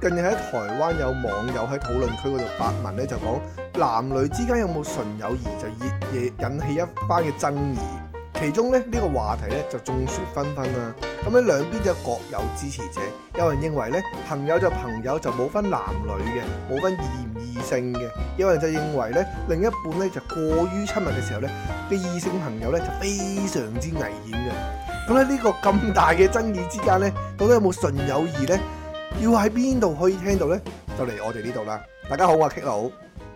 近日喺台灣有網友喺討論區嗰度發文咧，就講男女之間有冇純友誼，就熱嘢引起一番嘅爭議。其中咧呢、呢個話題咧就眾說紛紛啦、啊。咁、嗯、咧兩邊就各有支持者。有人認為咧朋友就朋友就冇分男女嘅，冇分異唔異性嘅。有人就認為咧另一半咧就過於親密嘅時候咧啲異性朋友咧就非常之危險嘅。咁咧呢個咁大嘅爭議之間咧，到底有冇純友誼咧？要喺邊度可以聽到呢？就嚟我哋呢度啦！大家好啊，我係 K 佬，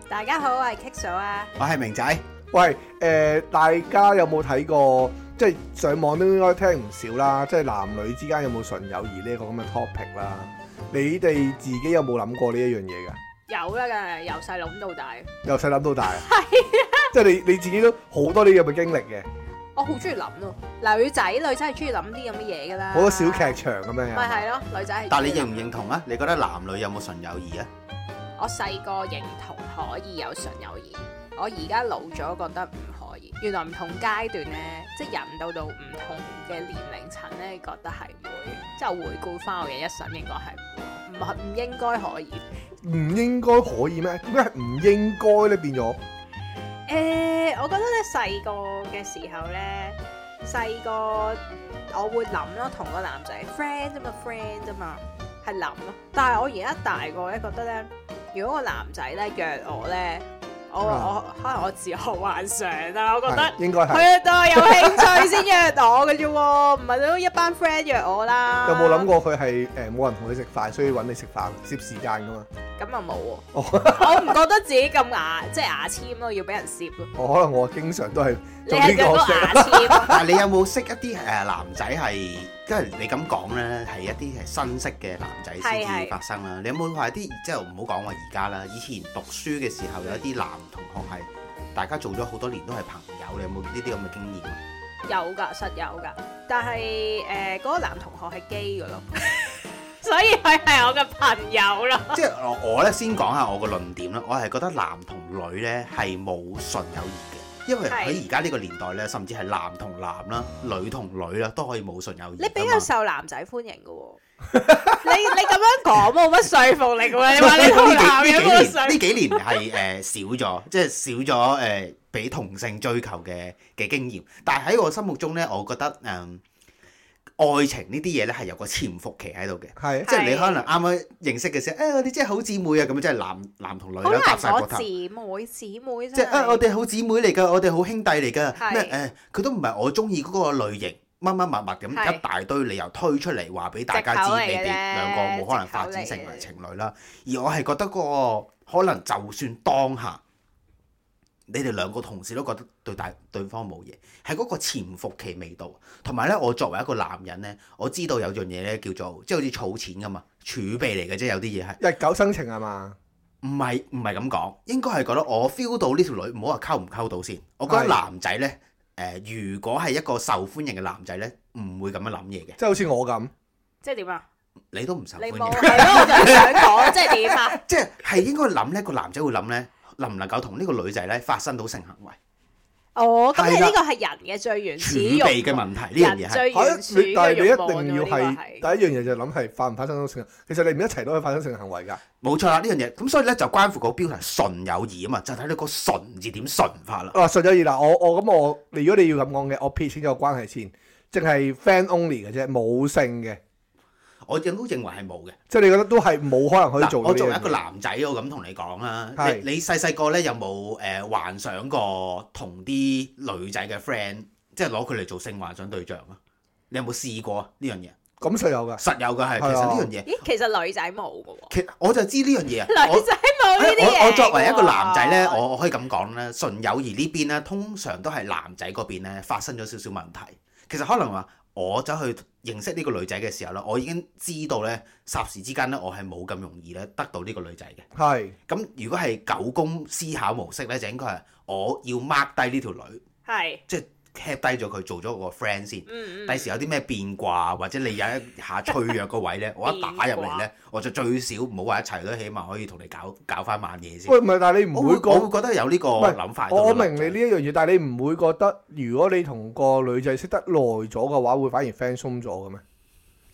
大家好，我係 K 嫂啊，我係明仔。喂，誒，大家有冇睇過？即係上網都應該聽唔少啦。即係男女之間有冇純友誼呢一個咁嘅 topic 啦？你哋自己有冇諗過呢一樣嘢噶？有啦，由細諗到大，由細諗到大，係啊，即係你你自己都好多呢樣嘅經歷嘅。我好中意諗咯，女仔女仔係中意諗啲咁嘅嘢噶啦，好多小劇場咁樣。咪係咯，女仔。但係你認唔認同啊？你覺得男女有冇純友誼啊？我細個認同可以有純友誼，我而家老咗覺得唔可以。原來唔同階段咧，即係人到到唔同嘅年齡層咧，覺得係會。即係回顧翻我嘅一生，應該係唔唔應該可以？唔應該可以咩？點解係唔應該咧？變咗？誒，uh, 我覺得咧細個嘅時候咧，細個我會諗咯，同個男仔 friend 咋嘛，friend 咋嘛，係諗咯。但係我而家大個咧，覺得咧，如果個男仔咧約我咧，我我,我可能我自我幻想啦，我覺得、啊、應該係佢對我有興趣先約我嘅啫，唔係你都一班 friend 約我啦。有冇諗過佢係誒冇人同你食飯，所以揾你食飯，攝時間噶嘛？咁又冇喎，oh. 我唔覺得自己咁牙，即、就、係、是、牙籤咯，要俾人攝咯。哦，oh, 可能我經常都係做呢個聲。 但係你有冇識一啲誒、呃、男仔係，即係你咁講咧，係一啲係新識嘅男仔先至發生啦。你有冇話啲即係唔好講話而家啦，以前讀書嘅時候有一啲男同學係大家做咗好多年都係朋友，你有冇呢啲咁嘅經驗？有噶，實有噶，但係誒嗰個男同學係 gay 噶咯。 所以佢係我嘅朋友咯。即係我咧先講下我嘅論點啦。我係覺得男同女咧係冇純友誼嘅，因為喺而家呢個年代咧，甚至係男同男啦、女同女啦都可以冇純友誼。你比較受男仔歡迎㗎喎，哦， 你你咁樣講冇乜説服力喎，啊。你話你好男嘅，呢 幾年係誒、呃、少咗，即係少咗誒俾同性追求嘅嘅經驗。但係喺我心目中咧，我覺得嗯。呃愛情呢啲嘢呢，係有個潛伏期喺度嘅，是即係你可能啱啱認識嘅時候，誒的、哎、我哋真係好姊妹啊，咁樣真係男男同女女搭晒個頭。姊妹姊妹啫。即係、哎、我哋好姊妹嚟㗎，我哋好兄弟嚟㗎。咩佢的、哎、都唔係我中意嗰個類型，乜乜物物咁一大堆理由推出嚟話俾大家知的你哋兩個冇可能發展成為情侶啦。而我係覺得、嗰個可能就算當下。你哋兩個同事都覺得對大對方冇嘢，喺嗰個潛伏期未到。同埋咧，我作為一個男人呢，我知道有樣嘢呢叫做，即係好似儲錢咁嘛，儲備嚟嘅啫。有啲嘢係日久生情呀嘛。唔係唔係咁講，應該係覺得我 feel 到呢條女，唔好話溝唔溝到先。我覺得男仔呢，誒、呃，如果係一個受歡迎嘅男仔呢，唔會咁樣諗嘢嘅。即係好似我咁，即係點啊？你都唔受歡迎，係咯？我就想講，即係點啊？ 即係應該諗呢個男仔會諗呢。能唔能夠同呢個女仔咧發生到性行為？哦，咁佢呢個係人嘅最原始欲嘅問題，呢樣嘢係。但係你一定要係第一樣嘢就諗係發唔發生到性行為？行，其實你唔一齊都可以發生性行為㗎。冇錯啦、啊，呢樣嘢，咁所以咧，就關乎個標題純友誼啊嘛，就睇你個純字點純法啦。啊，純友誼嗱，我我咁我，你如果你要咁講嘅，我撇清咗個關係先，淨係 friend only 嘅啫，冇性嘅。我亦都認為係冇嘅，即係你覺得都係冇可能去做嘅。我作為一個男仔，我咁同你講啦，你你細細個咧有冇誒幻想過同啲女仔嘅 friend，即係攞佢嚟做性幻想對象啊？你有冇試過呢樣嘢？咁實有㗎，實有㗎係其實呢樣嘢。咦，其實女仔冇㗎喎。其實我就知呢樣嘢啊。女仔冇呢啲嘢。我我作為一個男仔咧，我可以咁講咧，純友誼呢邊咧，通常都係男仔嗰邊咧發生咗少少問題。其實可能話。我走去認識呢個女仔嘅時候咧，我已經知道咧，霎時之間咧，我係冇咁容易咧得到呢個女仔嘅。係是。咁如果係狗公思考模式咧，就應該係我要 mark 低呢條女。係是。即係。keep 低咗佢做咗個 friend 先，第、嗯嗯、時有啲咩變卦或者你有一下脆弱個位咧， 卦我一打入嚟咧，我就最少唔好話一齊都，起碼可以同你搞搞翻晚嘢先。喂，唔係，但係你唔會，會，說我會覺得有呢個諗法是。我明你呢一樣嘢，的但係你唔會覺得，如果你同個女仔識得耐咗嘅話，會反而 friend 鬆咗嘅咩？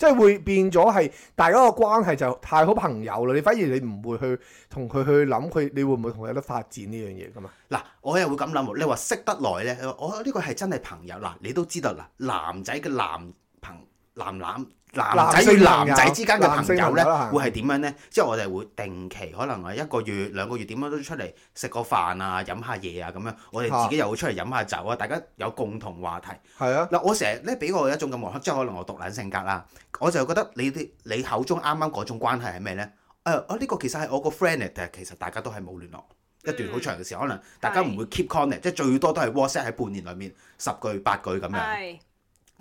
即係會變咗係大家個關係就太好朋友啦，你反而你唔會去同佢去諗佢，你會唔會同佢有得發展呢樣嘢咁啊？嗱，我又會咁諗喎，你話識得耐咧，我、哦、呢、呢個係真係朋友。嗱，你都知道啦，男仔嘅男朋男男。男仔與男仔之間嘅朋友咧，會係點樣咧？即係我哋會定期，可能係一個月、兩個月點樣都出嚟食個飯啊、飲下嘢啊咁樣。我哋自己又會出嚟飲下酒啊，大家有共同話題。係是啊！嗱，我成日咧俾我一種感覺，即係可能我獨男性格啦。我就覺得你啲你口中啱啱嗰種關係係咩咧？誒、啊，我、啊、呢、這個其實係我個 friend 嚟嘅，其實大家都係冇聯絡、嗯、一段好長嘅時間，可能大家唔是的 會 keep connect，即係最多都係 WhatsApp 喺半年裡面十句八句咁樣。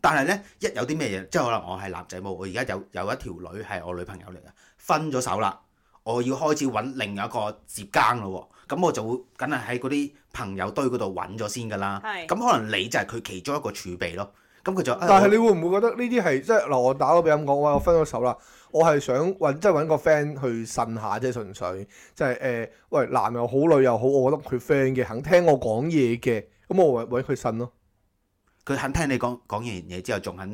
但係咧，一有啲咩嘢，即係可能我係男仔冇，我而家有有一條女係我女朋友嚟嘅，分咗手啦，我要開始揾另一個接更咯喎，咁、嗯、我就會梗係喺嗰啲朋友堆嗰度揾咗先㗎啦。咁是、嗯、可能你就係佢其中一個儲備咯。咁、嗯、佢就、哎、但係你會唔會覺得呢啲係即係嗱，就是、我打個比咁講，我分咗手啦，我係想揾即係揾個 friend 去呻下，即係純粹、就是，即係誒，喂，男又好，女又好，我覺得佢 friend 嘅肯聽我講嘢嘅，咁我揾佢呻咯。佢肯聽你講講完嘢之後，仲肯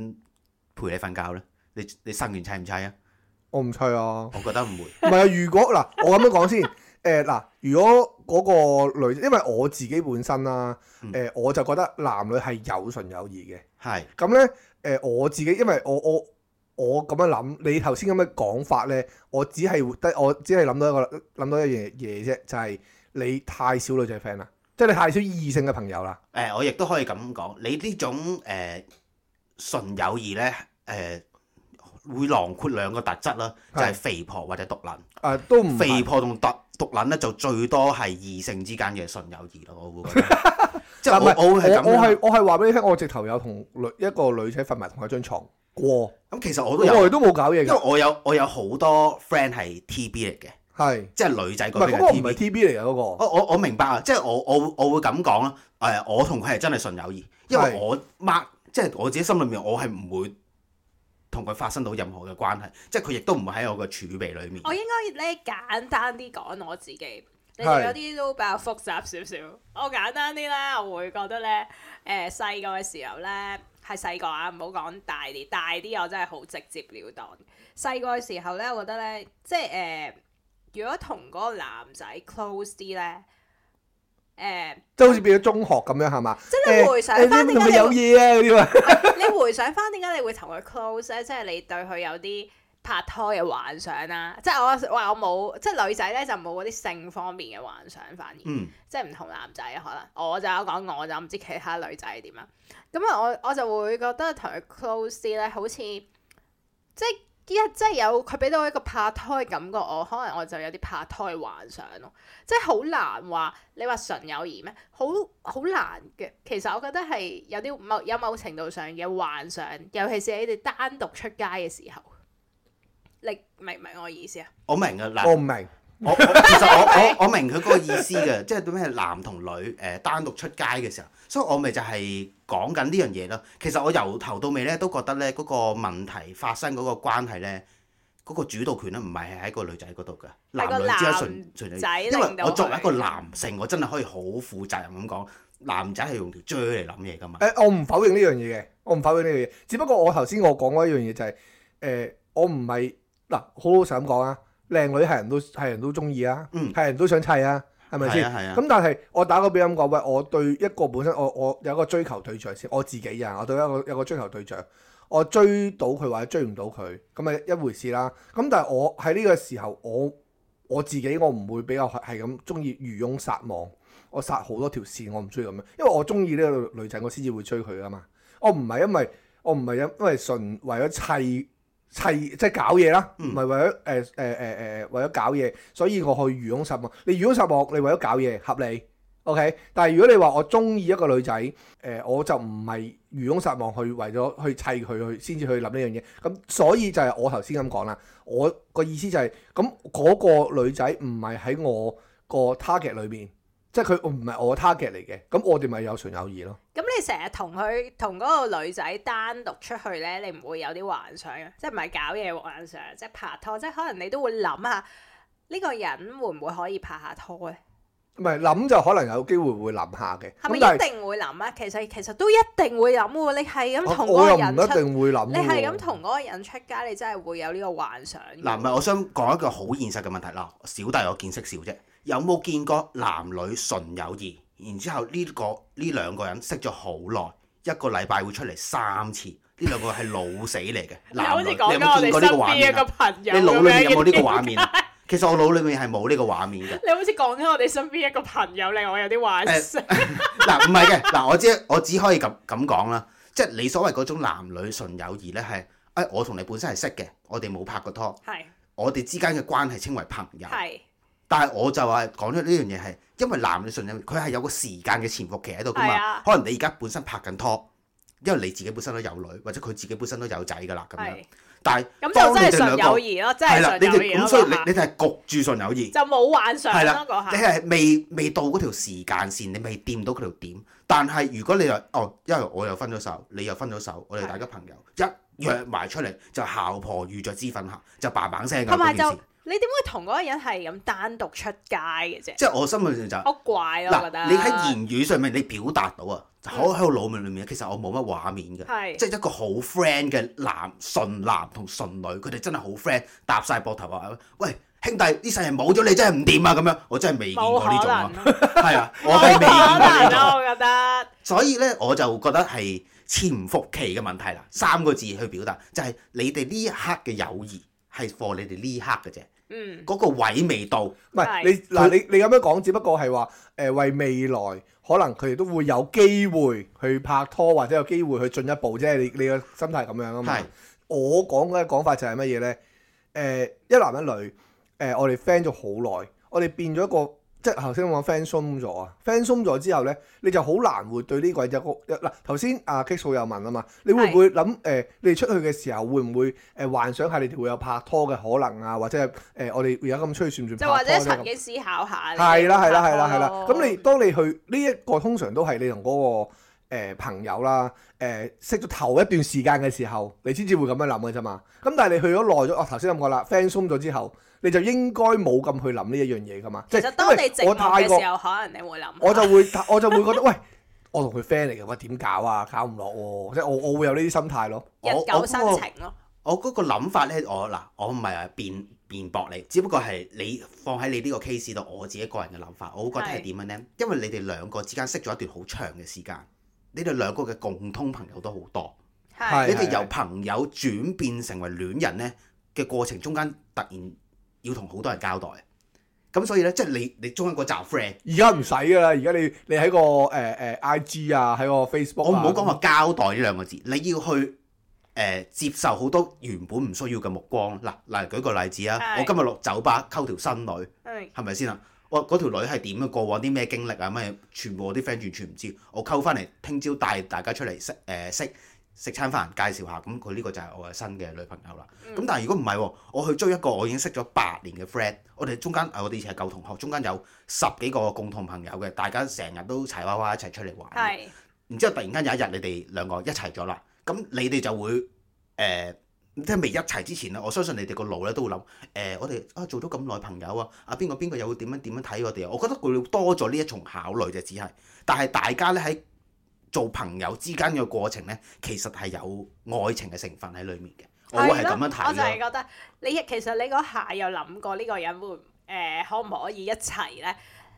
陪你瞓覺咧？你你生完砌唔砌啊？我唔砌啊！我覺得唔會。唔係啊，如果嗱，我咁樣講先。誒、呃、嗱，如果嗰個女，因為我自己本身啦，誒、呃、我就覺得男女係有純友誼嘅。係、嗯。咁咧，誒、呃、我自己，因為我我我咁樣諗，你頭先咁樣講法咧，我只係得我只係諗到一個諗到一樣嘢啫，就係、是、你太少女仔 friend 啦。即係你太少異性嘅朋友啦。誒、呃，我亦都可以咁講，你呢種誒純、呃、友誼呢，誒、呃、會囊括兩個特質啦，就係肥婆或者毒撚。誒、呃、都唔肥婆同毒毒撚呢，就最多係異性之間嘅純友誼咯。我會覺得， 即係我 我係咁。我係我係話俾你聽，我,我直頭有同女一個女仔瞓埋同一張床過。咁哇其實我都有，我係都冇搞嘢。因為我有我有好多 friend 係 TB 嚟嘅。係，是即係女仔嗰個，嗰個。唔係 T B 嚟啊！嗰個。我我明白啊！即係我我會我會咁講啦。誒，我同佢係真係純友誼，因為我默，是即係我自己心裏面，我係唔會同佢發生到任何嘅關係。即係佢亦都唔會喺我嘅儲備裏面。我應該咧簡單啲講我自己，你係有啲都比較複雜少少。是我簡單啲啦，我會覺得咧，誒細個嘅時候咧係細個啊，唔好講大啲。大啲我真係好直接了當。細個嘅時候咧，我覺得咧，即係誒。呃如果同嗰個男仔 close 啲咧，誒、欸，即係好似變咗中學咁樣係嘛？即你回想翻點解有嘢咧嗰啲啊？ 你回想翻點解你會同佢 close 咧？即係你對佢有啲拍拖嘅幻想啦、啊。即係我話我冇，即係女仔咧就冇嗰啲性方面嘅幻想，反而，嗯、即係唔同男仔可能我有。我就有講，我就唔知其他女仔點啊。咁啊，我我就會覺得同佢 close 啲咧，好似即係。Yeah, 即係有佢俾到一個拍拖感覺，我可能我就有啲拍拖幻想咯，即係好難話你話純友誼咩？好好難嘅，其實我覺得係有啲有某，有某程度上嘅幻想，尤其是你哋單獨出街嘅時候，你明唔明我意思啊？我明嘅啦，我唔明。 我，我其實我我我明佢嗰個意思嘅， 即係做咩男同女誒、呃、單獨出街嘅時候，所以我咪就係講緊呢樣嘢咯。其實我由頭到尾咧都覺得咧嗰、嗰個問題發生嗰個關係咧，嗰、嗰個主導權咧唔係喺個女仔嗰度嘅，男女之間純純女仔。因為我作為一個男性，我真係可以好負責任咁講，男仔係用條追嚟諗嘢噶嘛。誒、呃，我唔否認呢樣嘢嘅，我唔否認呢樣嘢，只不過我頭先我講嗰一樣嘢就係、係、誒、呃，我唔係嗱，好老實咁講啊。靚女係人都係人都中意啊，係、嗯、人都想砌啊，係咪先？咁、啊啊嗯、但係我打個比喻講，喂，我對一個本身我我有一個追求對象先，我自己啊，我對一個有一個追求對象，我追到佢或者追唔到佢，咁咪一,一回事啦。咁、嗯、但係我喺呢個時候，我我自己我唔會比較係咁中意漁翁撒網，我殺好多條線，我唔中意咁樣，因為我中意呢個女仔，我先至會追佢㗎嘛。我唔係因為我唔係因為因為純為咗砌。砌即係搞嘢啦，唔係為咗誒誒誒誒為咗搞嘢，所以我去漁翁撒網。你漁翁撒網，你為咗搞嘢，合理。OK，但係如果你話我中意一個女仔，誒、呃，我就唔係漁翁撒網去為咗去砌佢去，先至去諗呢樣嘢。咁所以就係我頭先咁講啦。我個意思就係、是，咁嗰個女仔唔係喺我個 target 裏邊。即係佢唔係我 target 嚟嘅，咁我哋咪有純友誼咯。咁你成日同佢同嗰個女仔單獨出去呢，你唔會有啲幻想嘅？即係唔係搞嘢幻想？即係拍拖？即係可能你都會諗下呢個人會唔會可以拍下拖咧？唔係諗就可能有機會會諗下嘅。係咪一定會諗啊？是其實其實都一定會諗喎。你係咁同嗰個人出，啊、一定會，你係咁同嗰個人出街，你真係會有呢個幻想。嗱，唔係，我想講一個好現實嘅問題。嗱，小弟我見識少啫。有冇見過男女純友誼？然之後呢個呢兩個人識咗好耐，一個禮拜會出嚟三次，呢兩個係老死嚟嘅，男女。嗱，好似講緊有冇見過呢個畫面？你腦裏面有冇呢個畫面？其實我腦裏面係冇呢個畫面嘅。你好似講緊我哋身邊一個朋友有，有個。其實我腦裏面係冇呢個畫面嘅。你好似講緊我哋身邊一個朋友令我有啲幻想。嗱，唔係嘅，嗱我只我只可以咁咁講啦。即係、就是、你所謂嗰種男女純友誼呢，係誒、哎、我同你本身係識嘅，我哋冇拍過拖，係我哋之間嘅關係稱為朋友，係。但係我就話講咗呢樣嘢係，因為男女純友誼佢係有個時間嘅潛伏期喺度噶嘛。是啊、可能你而家本身拍緊拖，因為你自己本身都有女，或者佢自己本身都有仔噶啦咁樣。是、啊但。但係咁就真係純友誼咯，真係純啦，你哋咁所以你你哋係焗住純友誼，就冇玩上。係啦。你係、啊、未未到嗰條時間線，你未掂到嗰條點。但係如果你又哦，因為我又分咗手，你又分咗手，我哋大家朋友是、啊、一約埋出嚟就姣婆遇著脂粉客，就 bang bang 聲咁件事。你點會同嗰個人係咁單獨出街嘅啫？即係我心裏面就好怪啊。嗱，你喺言語上面你表達到啊，就可喺我腦門裏面。其實我冇乜畫面嘅，即係一個好 friend 嘅男純男同純女，佢哋真係好 friend，搭晒膊頭話：喂兄弟，呢世人冇咗你真係唔掂啊！咁樣我真係未見過呢種啊，係啊，我係未見過呢個。冇可能咯，我覺得。所以咧，我，所以我就覺得係潛伏期嘅問題啦。三個字去表達，就係、是、你哋呢一刻嘅友誼係 for 你哋呢刻嘅啫。嗯，嗰個位未到，唔係你嗱，你你咁樣講，只不過係話，誒、呃、為未來可能佢哋都會有機會去拍拖，或者有機會去進一步啫。你你個心態係咁樣啊嘛，是我講嘅啲講法就係乜嘢咧？誒、呃、一男一女，誒我哋 friend 咗好耐，我哋變咗一個。即係頭先我 friend 鬆咗啊，friend 鬆咗之後咧，你就好難會對呢、這個嘢有嗱頭先阿 Kiss 又問啊嘛，你會唔會諗誒是、呃、你哋出去嘅時候會唔會誒、呃、幻想下你哋會有拍拖嘅可能啊，或者係誒、呃、我哋而家咁出去算唔算？即或者曾經思考下嘅。係啦係啦係啦係啦，咁你當你去呢一、這個通常都係你同嗰、那個。誒朋友啦，誒、欸、識咗頭一段時間嘅時候，你先至會咁樣諗嘅啫嘛。咁但係你去咗耐咗，我頭先諗過啦，friend 鬆咗之後，你就應該冇咁去諗呢一樣嘢噶嘛。即係當你寂寞嘅時候，可能你會諗。我就會我就會覺得， 喂，我同佢 friend 嚟嘅，我、哎、點搞啊？搞唔落喎。即係我我會有呢啲心態咯，日久生情咯。我嗰個諗法咧，我嗱，我唔係辯辯駁你，只不過係你放喺你呢個 case 度，我自己個人嘅諗法，我覺得係點樣咧？是因為你哋兩個之間識咗一段好長嘅時間。你哋兩個嘅共通朋友都好多，是你哋由朋友轉變成為戀人咧嘅過程中間，突然要同好多人交代，咁所以咧，即係你你中間嗰集 friend，而家唔使㗎喇，而家你你喺個誒誒 IG 啊，喺、啊、個 Facebook，啊、我唔好講話交代呢兩個字，你要去誒、呃、接受好多原本唔需要嘅目光。嗱，嗱舉個例子啊，是我今日落酒吧溝條新女，係咪先啊？我嗰條女係點啊？過往啲咩經歷啊？乜嘢全部我啲 friend 完全唔知。我溝翻嚟聽朝帶大家出嚟識誒、呃、識食餐飯，介紹下。咁佢呢個就係我嘅新嘅女朋友啦。咁、嗯、但係如果唔係，我去追一個我已經識咗八年嘅 friend，我哋中間、呃、我哋以前係舊同學，中間有十幾個共同朋友嘅，大家成日都齊娃娃一齊出嚟玩，玩。係是。然之後突然間有一日你哋兩個一齊咗啦，咁你哋就會誒。呃喺未一齊之前咧，我相信你哋個腦咧都會諗，誒、呃，我哋啊做咗咁耐朋友啊，阿邊個邊個又會點樣點樣睇我哋？我覺得佢多咗呢一重考慮就只係，但係大家咧喺做朋友之間嘅過程咧，其實係有愛情嘅成分喺裡面嘅。我係咁樣睇。我就係覺得，你其實你嗰下有諗過呢個人會誒、呃、可唔可以一齊咧？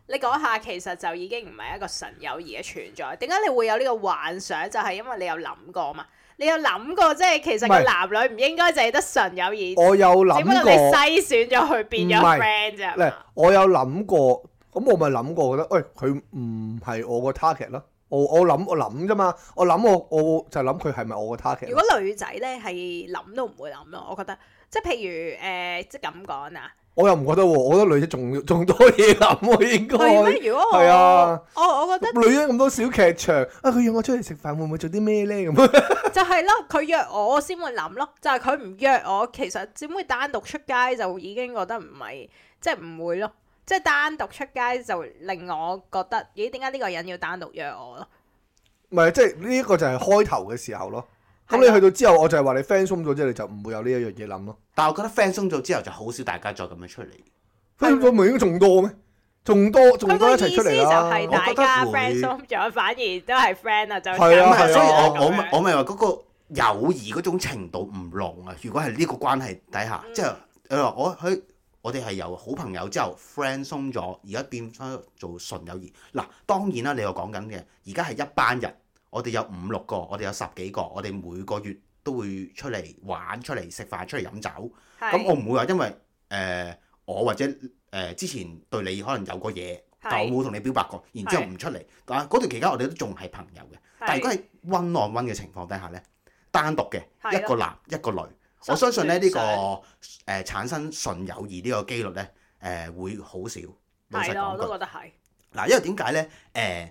你講下其實就已經唔係一個純友誼嘅存在。點解你會有呢個幻想？就係、是、因為你有諗過嘛。你有諗過即係其實個男女唔應該淨係得純友誼？我有諗過，只不過你篩選咗佢變咗 friend 啫。唔係，我有諗過，咁我咪諗過覺得，喂、欸，佢唔係我個 target 咯。我我諗我諗啫嘛，我諗我我,我,我,我就諗佢係咪我個 target？如果女仔咧係諗都唔會諗咯，我覺得即係譬如誒、呃，即係咁講啊。我又唔覺得喎，我覺得女仔仲仲多嘢諗喎，應該係咩？如果我、係啊、我我覺得女人咁多小劇場啊，佢約我出嚟食飯，會唔會做啲咩咧？咁 就係咯，佢約我先會諗咯。就係佢唔約我，其實點會單獨出街就已經覺得唔係即係唔會咯。即係單獨出街就令我覺得咦？點解呢個人要單獨約我咯？唔係即係呢個就係開頭嘅時候咯。咁你去到之後，的我就係話你 friend 鬆咗之後，你就唔會有呢一樣嘢諗咯。但係我覺得 friend 鬆咗之後，就好少大家再咁樣出嚟。friend 咗咪應該仲多咩？仲多仲多一齊出嚟啦。佢嗰個意思就係大家 friend 鬆咗，反而都係 friend 啊。就係啊，所以我的我我咪話嗰個友誼嗰種程度唔濃啊。如果係呢個關係底下，即係你話我喺我哋係由好朋友之後 friend 鬆咗，而家變咗做純友誼。嗱，當然啦，你又講緊嘅，而家係一班人。我哋有五六個，我哋有十幾個，我哋每個月都會出嚟玩、出嚟食飯、出嚟飲酒。咁我唔會話因為誒我或者誒之前對你可能有過嘢，但我冇同你表白過，然之後唔出嚟。嗱，嗰段期間我哋都仲係朋友嘅。但如果係 one on one 嘅情況底下咧，單獨嘅一個男一個女，我相信咧呢個誒產生純友誼呢個機率呢誒會好少，老實講。係咯，我都覺得係。嗱，因為點解呢？誒。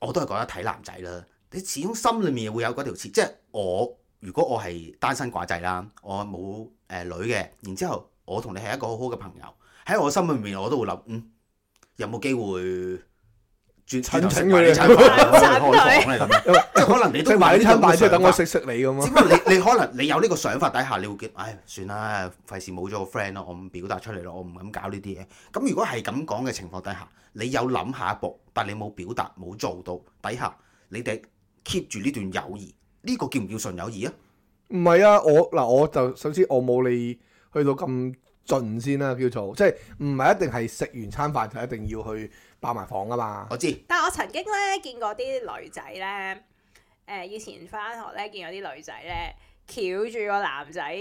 我都係覺得睇男仔啦，你始終心裏面會有嗰條刺。即係我如果我係單身寡仔啦，我冇誒女嘅，然之後我同你係一個好好嘅朋友，喺我心裏面我都會諗，嗯，有冇機會？專請佢嚟開房，可能你推埋啲餐飯，出嚟等我識識你咁咯。只不過你你可能你有呢個， 個想法底下，你會結，唉、哎，算啦，費事冇咗個 friend 咯，我唔表達出嚟咯，我唔敢搞呢啲嘢。咁如果係咁講嘅情況底下，你有諗下一步，但你冇表達冇做到底下，你哋 keep 住呢段友誼，呢、這個叫唔叫純友誼啊？唔係啊，我嗱我，我就首先我冇你去到咁盡先啦，叫做即係唔係一定係食完餐飯就一定要去。包埋房㗎嘛？我知。但係我曾經咧見過啲女仔咧，誒、呃、以前返學咧見過啲女仔咧，翹住個男仔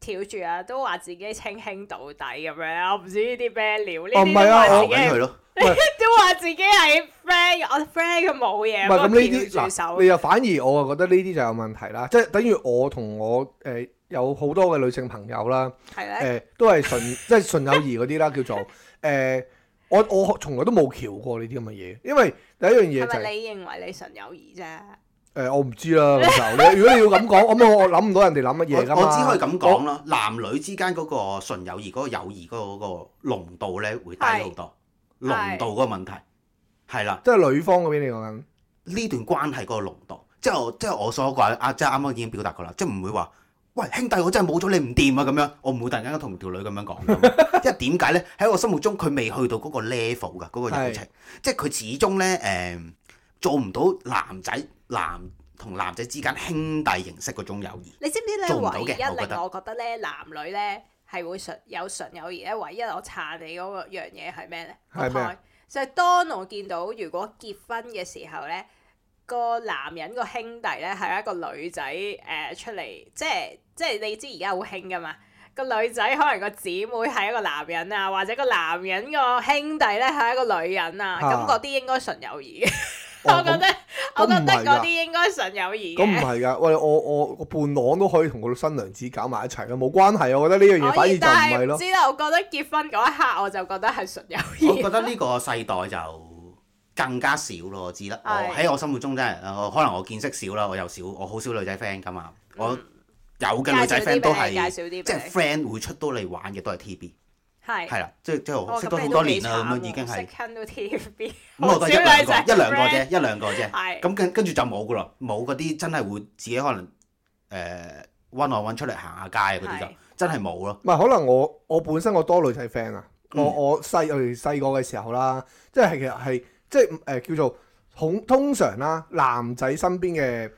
跳住啊，都話自己稱兄道弟咁樣。我唔知呢啲咩料，呢啲都係。都話自己係 friend，我 friend 嘅冇嘢。唔係咁呢啲嗱，你又反而我覺得呢啲就有問題啦。即係 等於我同我誒有好多嘅女性朋友啦，係咧呢，誒都係純即係純友誼嗰啲啦，叫做誒。呃我我從來都冇橋過呢啲咁嘅嘢，因為第一樣嘢就係、是、你認為你純友誼啫。誒、欸，我唔知啦，教授。如果你要咁講， 我我諗唔到人哋諗乜嘢㗎嘛。我只可以咁講啦，我男女之間嗰個純友誼嗰、那個友誼嗰個濃度咧會低好多，濃是度嘅問題係啦。即係女方嗰邊你講緊呢段關係嗰個濃度，即係即係我所講啊，即係啱啱已經表達過啦，即係唔會話。喂，兄弟，我真係冇咗你唔掂啊！咁樣，我唔會突然間同條女咁樣講，因為點解呢？喺我心目中，佢未去到嗰個 level 嘅嗰、嗰個友情，是 即係佢始終呢，誒、呃、做唔到男仔男同男仔之間兄弟形式嗰種友誼。你知唔知呢唯一，令我覺得呢男女呢係會有純有純友誼呢。唯一我查你嗰個樣嘢係咩呢？就係當我見到如果結婚嘅時候呢。個男人個兄弟咧係一個女仔誒、呃、出嚟，即係即係你知而家好興噶嘛？個女仔可能個姊妹係一個男人啊，或者個男人個兄弟咧係一個女人啊，咁嗰啲應該純友誼嘅。 哦哦、我覺得、哦嗯嗯、我覺得嗰啲應該純友誼。咁唔係噶，喂、嗯嗯嗯、我我個伴郎都可以同個新娘子搞埋一齊嘅，冇關係。我覺得呢樣嘢反而就唔係咯。知道我覺得結婚嗰一刻我就覺得係純友誼。我覺得呢個世代就更加少咯，我知啦，喺我心目中真係，可能我見識少啦，我又少，我好少女仔 friend 噶嘛，我有嘅女仔 friend 都係，即係 friend 會出到嚟玩嘅都係 T B，係，係啦，即即係識咗好多年啦，咁樣已經係，到 T B，咁我都一兩個，一兩個啫，一兩個啫，咁跟跟住就冇噶咯，冇嗰啲真係會自己可能誒揾我揾出嚟行下街嗰啲就真係冇咯。唔係可能我我本身我多女仔 friend 啊，我我細我哋細個嘅時候啦，即係其實係。即係誒叫做通通常啦，男仔身邊嘅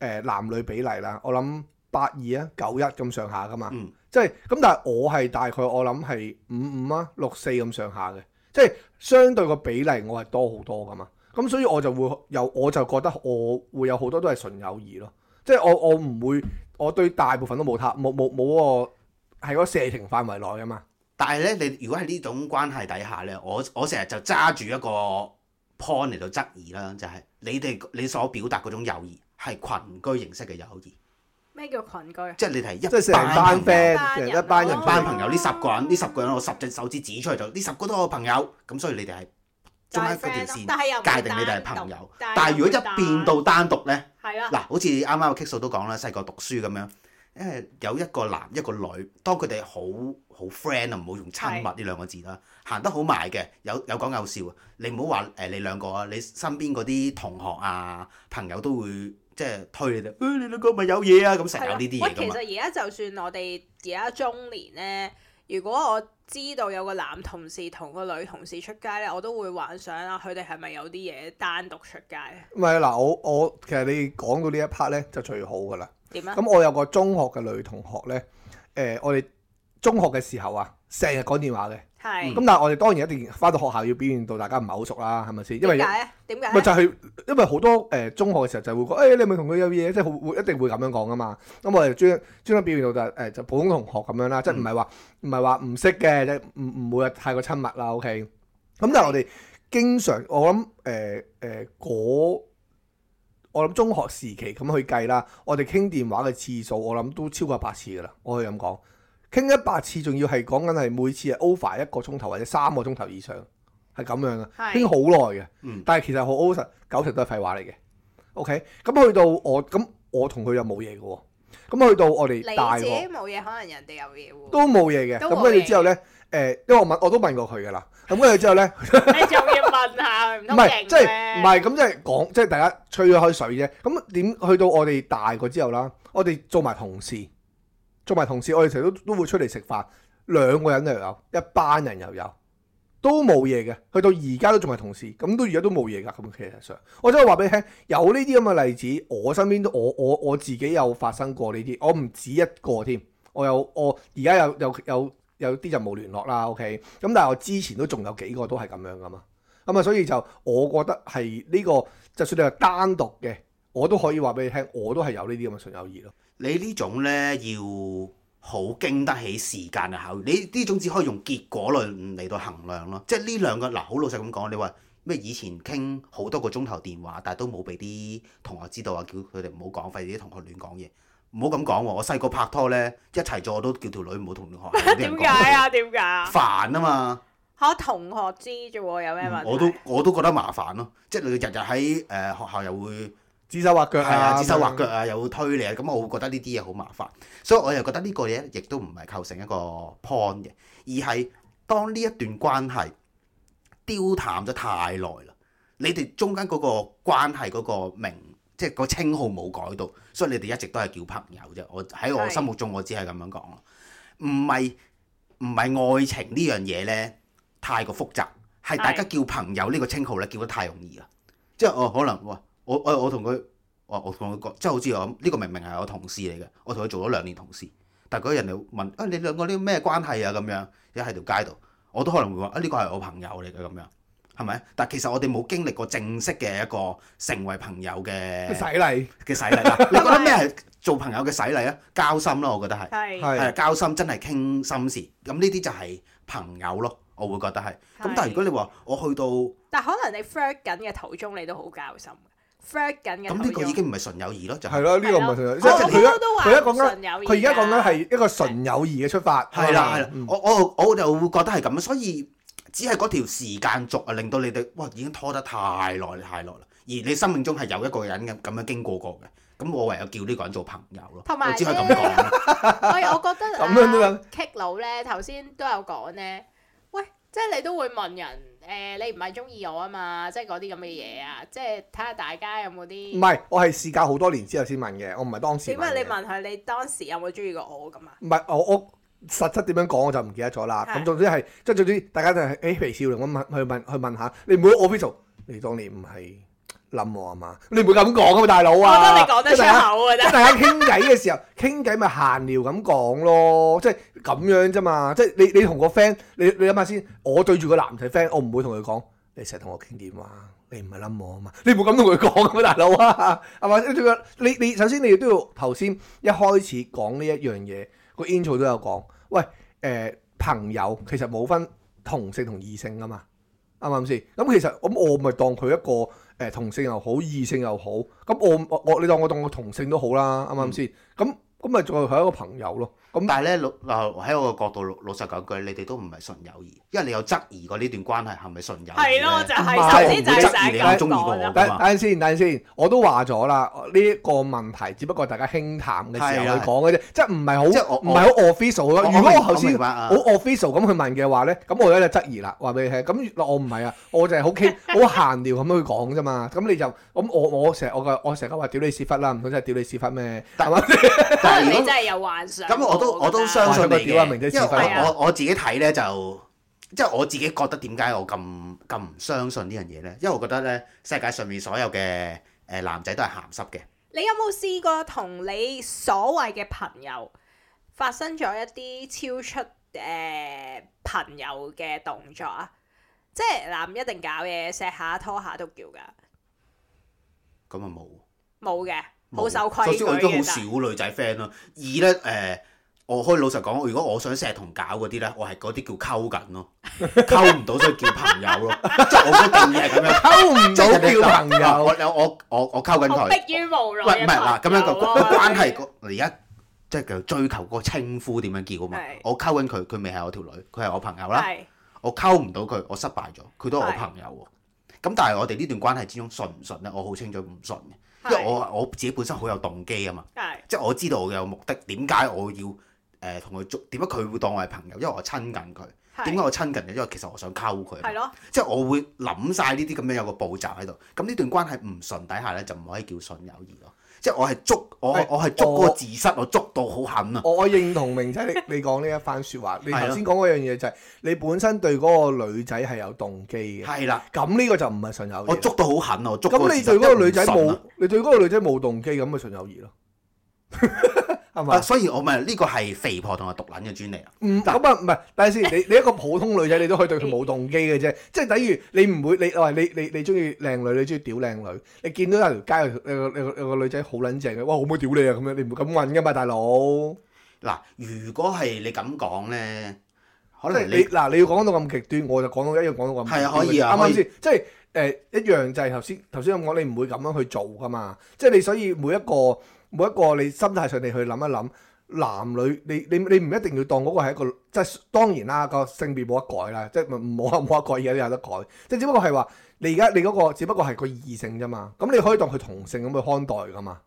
誒男女比例啦，我諗八二啊九一咁上下噶嘛，即係咁但係我係大概我諗係五五啊六四咁上下嘅，即係相對個比例我係多好多噶嘛，咁所以我就會有，我就覺得我會有好多都係純友誼咯，即係我我唔會，我對大部分都冇塔冇冇冇個係嗰射程範圍內噶嘛。但係咧，你如果喺呢種關係底下咧，我我成日就揸住一個。看嚟到質疑啦，就係、是、你哋你所表達嗰種友誼係群居形式嘅友誼。咩叫群居？即係你哋一即係成班 friend，成一班人、班朋友呢十個人，呢、嗯、十個人我十隻手指指出嚟就呢十個都係我朋友。咁所以你哋係中間嗰條線界定你哋係朋友。但係如果一變到單獨咧，嗱，好似啱啱我 Kiko 都講啦，細個讀書咁樣。因為有一個男一個女，當佢哋好好 friend 啊，唔好用親密呢是的 兩個字啦，行得好埋嘅，有有講有笑啊！你唔好話誒，你兩個啊，你身邊嗰啲同學啊朋友都會即係推你哋、哎，你兩個咪有嘢啊！咁成日有呢啲嘢，其實而家就算我哋而家中年呢，如果我知道有個男同事同個女同事出街呢，我都會幻想啊，佢哋係咪有啲嘢單獨出街？唔係嗱，我我其實你講到呢一 part 呢，就最好噶啦。咁、嗯、我有個中學嘅女同學咧，誒、呃，我哋中學嘅時候啊，成日講電話嘅，咁是、嗯、但係我哋當然一定翻到學校要表現到大家唔係好熟啦，係咪先？點解啊？點解？咪就係因為好多誒、呃、中學嘅時候就會講，誒、哎、你係咪同佢有嘢？即係會一定會咁樣講㗎嘛。咁、嗯、我哋專登專登表現到就誒、是呃、就普通同學咁樣啦，即係唔係話唔係話唔識嘅，即係唔唔會話太過親密啦。OK，咁、嗯、是但係我哋經常我諗誒誒嗰。呃呃呃我諗中學時期咁去計啦，我哋傾電話嘅次數，我諗都超過百次噶啦，我可以咁講，傾一百次仲要係講緊係每次係 over 一個鐘頭或者三個鐘頭以上，係咁樣嘅，傾好耐嘅，嗯、但係其實好老實，九成都係廢話嚟嘅，OK，咁去到我咁我同佢又冇嘢喎，咁去到我哋大學冇嘢，可能人哋有嘢喎，都冇嘢嘅，咁跟住之後咧，誒、呃，因為我問我都問過佢噶啦，咁跟住之後咧。 唔係，即係，唔係咁，即係講，即係大家吹咗下水啫。咁點去到我哋大個之後啦，我哋做埋同事，做埋同事，我哋成日都都會出嚟食飯，兩個人又有，一班人又有，都冇嘢嘅。去到而家都仲係同事，咁都而家都冇嘢噶。咁其實上，我真係話俾你聽，有呢啲咁嘅例子，我身邊都我我我自己有發生過呢啲，我唔止一個添。我有我而家有有有有啲就冇聯絡啦。OK，咁但係我之前都仲有幾個都係咁樣噶嘛。咁啊，所以就我覺得係呢個，就算你係單獨嘅，我都可以話俾你聽，我都係有，有呢啲咁嘅純友誼咯。你呢種咧要好經得起時間嘅考驗，你呢種只可以用結果嚟嚟到衡量咯。即係呢兩個嗱，好老實咁講，你話咩，以前傾好多個鐘頭電話，但係都冇俾啲同學知道啊，叫佢哋唔好講，費事啲同學亂講嘢，唔好咁講喎。我細個拍拖咧，一齊坐都叫條女唔好同學，點解啊？點解啊？煩啊嘛～我同學知啫，有咩問題？我都我都覺得麻煩咯，即係你日日喺誒學校又會指手畫腳，係啊指手畫腳啊，又會推你啊，咁、啊、我會覺得呢啲嘢好麻煩，所以我又覺得呢個嘢亦都唔係構成一個 point 嘅，而係當呢一段關係丟淡咗太耐啦，你哋中間嗰個關係嗰個名，即、就、係、是、個稱號冇改到，所以你哋一直都係叫朋友啫。我喺我心目中，我只係咁樣講唔係唔係愛情呢樣嘢咧。太過複雜，係大家叫朋友個稱呢個稱號咧，叫得太容易啦。即係我可能喎，我我同佢，我我同佢講，即係好似我呢、這個明明係我同事嚟嘅，我同佢做咗兩年同事，但係佢人哋問、哎、兩啊，你兩個啲咩關係啊咁樣？一喺條街度，我都可能會話啊，呢、哎這個係我朋友嚟嘅咁樣，係咪？但係其實我哋冇經歷過正式嘅一個成為朋友嘅洗禮禮嘅 洗禮啦。你覺得咩係做朋友嘅洗禮啊？ 交心咯，我覺得係是是交心，真係傾心事。咁呢啲就係朋友咯。我會覺得係，咁但係如果你話我去到，但可能你 friend 緊嘅途中，你都好交心嘅。friend 緊嘅，咁呢個已經唔係純友誼咯。就係啦，呢、呢個唔係、哦、純友誼。好多都話純佢而家講緊，佢而家講緊係一個純友誼嘅出發，係啦，係啦、嗯。我我我就會覺得係咁，所以只係嗰條時間軸啊，令到你哋哇，已經拖得太耐太耐啦，而你生命中係有一個人嘅咁樣經過過嘅，咁我唯有叫呢個人做朋友咯。同埋只係咁講，所以我覺得咁樣 Kick 佬咧，頭先都有講咧。即係你都會問人，誒、呃、你唔係中意我啊嘛？即係嗰啲咁嘅嘢啊！即係睇下大家有冇啲唔係，我係試教好多年之後先問嘅，我唔係當時問。點解你問下你當時有冇中意過我咁啊？唔係我我實質點樣講我就唔記得咗啦。咁總之係即係總之大家就係誒微笑嚟，哎、我問去問去問，去問下你唔好我邊做，你當年唔係。諗我啊嘛，你唔會咁講噶嘛，大佬啊！我覺得你講得出口啊，即係大家傾偈嘅時候，傾偈咪閒聊咁講咯，即係咁樣啫嘛，即係你你同個 friend，你你諗下先，我對住個男仔 friend，我唔會同佢講，你成日同我傾電話，你唔係諗我啊嘛，你唔會咁同佢講噶嘛，大佬啊，係嘛？你你首先你都要頭先一開始講呢一樣嘢，個 intro 都有講，喂，誒、呃，朋友其實冇分同性同異性噶嘛。啱唔啱先？咁其實咁我咪當佢一個誒同性又好，異性又好。咁我我你當我當我同性都好啦，啱唔啱先？咁咁咪仲係佢一個朋友咯。咁但係咧，老喺我個角度老實講句，你哋都唔係純友誼，因為你有質疑過呢段關係係咪純友誼？係咯，就係，首先就係你好中意㗎我。等陣先，等陣先，我都話咗啦，呢個問題只不過大家輕談嘅時候去講嘅啫，即係唔係好唔係好 official。如果我頭先好 official 咁去問嘅話咧，咁我而家就質疑啦，話俾你聽。咁我唔係啊，我就係好傾好閒聊咁樣去講啫嘛。咁你就咁我我成日我我成日話屌你屎忽啦，唔通真係屌你屎忽咩？但係你真係有幻想。咁我我，我都相信你嘅，啊，因為我我我自己睇咧就，即係我自己覺得點解我咁咁唔相信呢樣嘢咧？因為我覺得咧，世界上面所有嘅誒男仔都係鹹濕嘅。你有冇試過同你所謂嘅朋友發生咗一啲超出誒、呃、朋友嘅動作啊？即係嗱，唔、呃、一定搞嘢，錫下拖下都叫噶。咁啊冇，冇嘅，好受規矩。首先我已經好少女仔 friend 咯，而咧誒。我可以老實講，如果我想成日同搞嗰啲咧，我係嗰啲叫溝緊咯，溝唔到所以叫朋友咯，即係我個定義係咁樣，溝唔到叫朋友，我我我溝緊佢。好無，唔係嗱，咁樣個關係，而家即係叫追求嗰個稱呼點樣叫啊嘛？我溝緊佢，佢未係我條女，佢係我朋友啦。我溝唔到佢，我失敗咗，佢都係我朋友喎。咁但係我哋呢段關係之中，信唔信咧？我好清楚唔信嘅，因為我我自己本身好有動機啊嘛。即係我知道我有目的，點解我要？誒，同佢捉點解佢會當我係朋友？因為我親近佢。點解的我親近佢？因為其實我想溝佢。係咯的。即係我會諗晒呢啲咁樣有個步驟喺度。咁呢段關係唔純底下咧，就唔可以叫純友誼咯。即係我係捉我我係捉個自失，我，我捉到好狠啊！我認同明仔你你講呢一番説話。 你頭先講嗰樣嘢就係你本身對嗰個女仔係有動機嘅。係啦的。咁呢個就唔係純友誼。我捉到好狠啊！我捉到。咁你對嗰個女仔冇你對嗰個女仔冇動機，咁咪純友誼咯？ 啊，所以我咪呢、這個係肥婆同埋獨撚嘅專利啊。嗯，咁啊唔係，等下先，你你一個普通女仔，你都可以對佢冇動機嘅啫。即係等於你唔會，你餵你你你中意靚女，你中意屌靚女。你見到喺條街有，有個有個女仔好撚正嘅，哇，好唔好屌你啊？咁樣你唔會咁搵㗎嘛，大佬。嗱，如果係你咁講咧，可能你嗱你，你要講到咁極端，我就講到一樣講到咁。係啊，可以啊，啱唔啱先？吧以即係誒、呃、一樣就係頭先頭先咁講，你唔會咁樣去做㗎嘛。即係你所以每一個。每一個你心態上你去諗一諗，男女你你你唔一定要當嗰個係一個，即係當然啦，個性別冇得改啦，即係唔好話冇得改嘅嘢，而家都有得改，即係只不過係話你而家你嗰個只不過係個異性啫嘛，咁你可以當佢同性咁去看待噶嘛。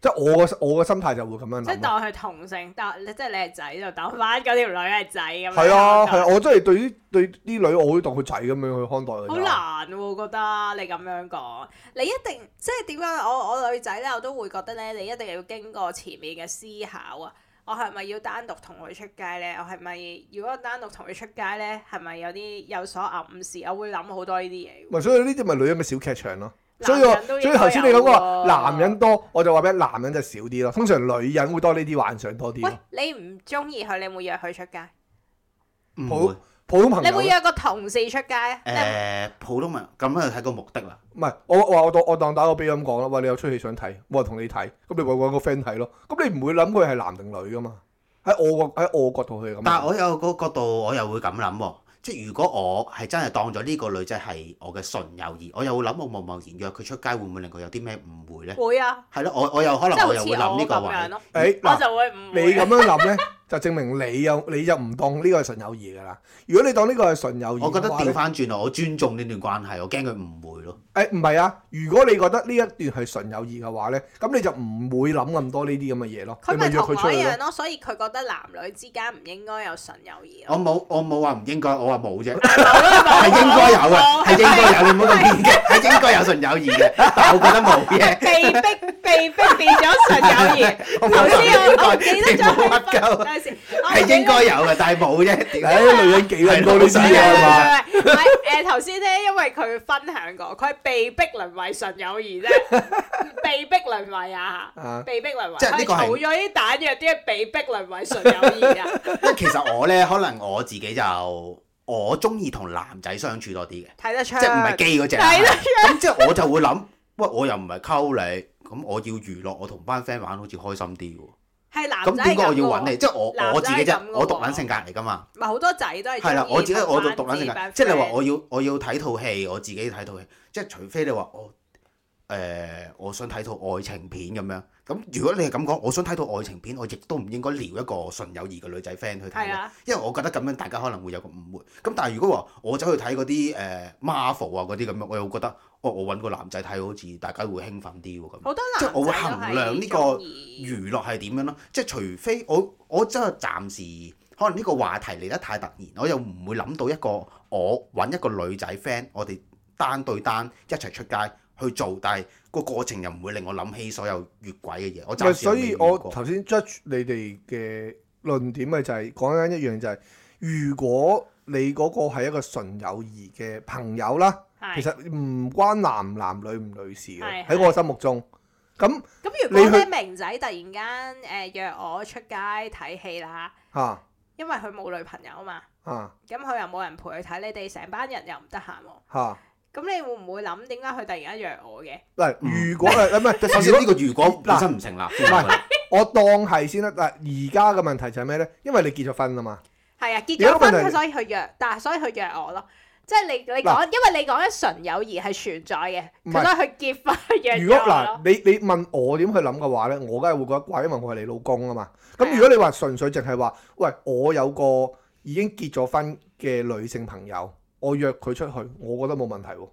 即係我嘅我個心態就會咁樣諗，即係當佢同性，當即係你係仔就當翻嗰條女係仔咁。係啊，係啊， 我真係對於對啲女，我會當佢仔咁樣去看待佢。好難喎、啊，覺得你咁樣講，你一定即係點解我我女仔咧，我都會覺得咧，你一定要經過前面嘅思考啊！我係咪要單獨同佢出街咧？我係咪如果單獨同佢出街咧，係咪有啲有所暗示？我會諗好多呢啲嘢。咪所以呢啲咪女人嘅小劇場咯、啊。所以，所以頭先你講話男人多，我就話俾你，男人就少啲咯。通常女人會多呢啲幻想多啲。喂，你唔中意佢，你會約佢出街？唔會。普通朋友，你會約個同事出街啊？欸、普通朋友？咁啊，睇個目的啦。唔係，我話我當我，我，我當打個比喻咁講啦。喂，你有出戲想睇，冇人同你睇，咁你揾揾個 friend 睇咯。咁你唔會諗佢係男定女噶嘛？喺我個喺我角度係咁。但係我有個角度，我又會咁諗喎。即如果我係真係當咗呢個女仔係我嘅純友誼，我又會諗我貿貿然約佢出街，會唔會令佢有啲咩誤會咧？會啊！係咯，我我又可能即係好似我咁樣咯、啊。欸、我就會誤會、啊。你咁樣諗咧？ 就證明你又你又唔當呢個係純友誼㗎啦。如果你當呢個係純友誼，我覺得調翻轉啊！我尊重呢段關係，我驚佢誤會咯。誒唔係啊！如果你覺得呢一段係純友誼嘅話咧，咁你就唔會諗咁多呢啲咁嘅嘢咯。佢咪約佢出一樣咯，所以佢覺得男女之間唔應該有純友誼。我冇我冇話唔應該，我話冇啫。係應該有嘅，係應該有，你唔好咁偏激。係應該有純友誼嘅，但我覺得冇嘅。被逼被逼變咗純友誼。頭先我講幾多都唔夠。係應該有嘅，但係冇啫。點解、啊哎、女人幾搵哥都知啊？係嘛？唔係，誒，頭先咧，因為佢分享過，佢係被逼淪為純友誼啫。被逼淪為啊？被逼淪為？即係呢個係儲咗啲彈藥啲，被逼淪為純友誼啊？咁其實我咧，可能我自己就我中意同男仔相處多啲嘅，睇得出，即係唔係基嗰隻。睇得出。咁 即係我就會諗，喂，我又唔係溝你，咁我要娛樂，我同班 friend 玩好似開心啲喎。係咁，點解我要揾你？即係我，我自己啫，我獨眼性格嚟噶嘛。唔係好多仔都係。係啦，我自己我就獨眼性格，即係你話我要我要睇套戲，我自己睇套戲。即係除非你話我。哦誒、呃，我想睇套愛情片咁樣。咁如果你係咁講，我想睇套愛情片，我亦都唔應該撩一個純友誼嘅女仔 friend 去睇咯，的因為我覺得咁樣大家可能會有個誤會。咁但係如果話我走去睇嗰啲誒 Marvel 啊嗰啲咁樣，我又覺得哦，我揾個男仔睇好似大家會興奮啲喎。好多男仔係純友誼。即係我會衡量呢個娛樂係點樣咯。即係除非我我真係暫時可能呢個話題嚟得太突然，我又唔會諗到一個我揾一個女仔 friend，我哋單對單一齊出街。去做，但係個過程又唔會令我諗起所有越軌嘅嘢。我就所以，我頭先 judge 你哋嘅論點咪就係講緊一樣就係，如果你嗰個係一個純友誼嘅朋友啦，其實唔關男唔男女唔女事嘅，喺我心目中。咁咁，如果呢明仔突然間誒約我出街睇戲啦，嚇，因為佢冇女朋友嘛，嚇，咁佢又冇人陪佢睇，你哋成班人又唔得閒喎，嚇。咁你會唔會諗點解佢突然間約我嘅？嗱， 如果誒唔係，首先呢個如果本身唔成立，唔係，我當係先啦。嗱，而家嘅問題就係咩咧？因為你結咗婚啦嘛。係啊，結咗婚所，所以佢約，但係所以佢約我咯。即係你你講，因為你講嘅純友誼係存在嘅，咁咧佢結婚約。如果嗱，你你問我點去諗嘅話咧，我梗係會覺得怪，因為我係你老公啊嘛。咁如果你話純粹淨係話，喂，我有個已經結咗婚嘅女性朋友。我約佢出去，我覺得冇問題喎，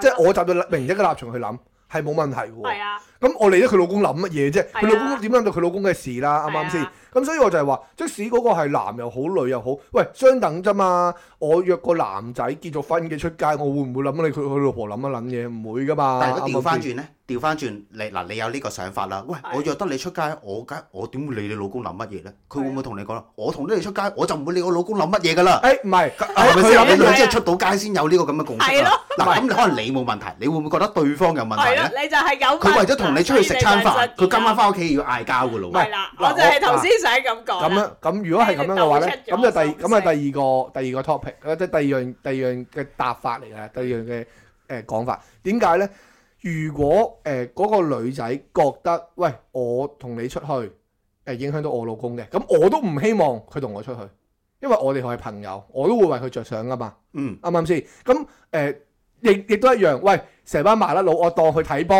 即係我站到明一嘅立場去諗，係冇問題喎。係咁，啊、我理得佢老公諗乜嘢啫？佢老公點諗到佢老公嘅事啦？啱唔啱先？才咁所以我就係話，即使嗰個係男又好，女又好，喂，相等啫嘛。我約個男仔結咗婚嘅出街，我會唔會諗你佢佢老婆諗一諗嘢？唔會噶嘛。但係如果調翻轉咧，調翻轉，你嗱，你有呢個想法啦。喂，我約得你出街，我梗我點會理你老公諗乜嘢咧？佢會唔會同你講我同你哋出街，我就唔會理我老公諗乜嘢噶啦。誒，唔係，係咪先？你即係出到街先有呢個咁嘅共識啦。嗱，咁你可能你冇問題，你會唔會覺得對方有問題咧？你就係有佢為咗同你出去食餐飯，佢今晚翻屋企要嗌交噶咯喎。係啦，我就係頭先。咁講咁如果係咁樣嘅話咧，咁就第咁啊第二個第二個 topic，即係第二樣第二樣嘅答法嚟嘅，第二樣嘅誒講法。點解咧？如果誒嗰、呃嗰個女仔覺得，喂，我同你出去誒、呃、影響到我老公嘅，咁我都唔希望佢同我出去，因為我哋係朋友，我都會為佢着想噶嘛。嗯，啱唔啱先？咁誒亦亦都一樣。喂，成班麻甩佬我當去睇波，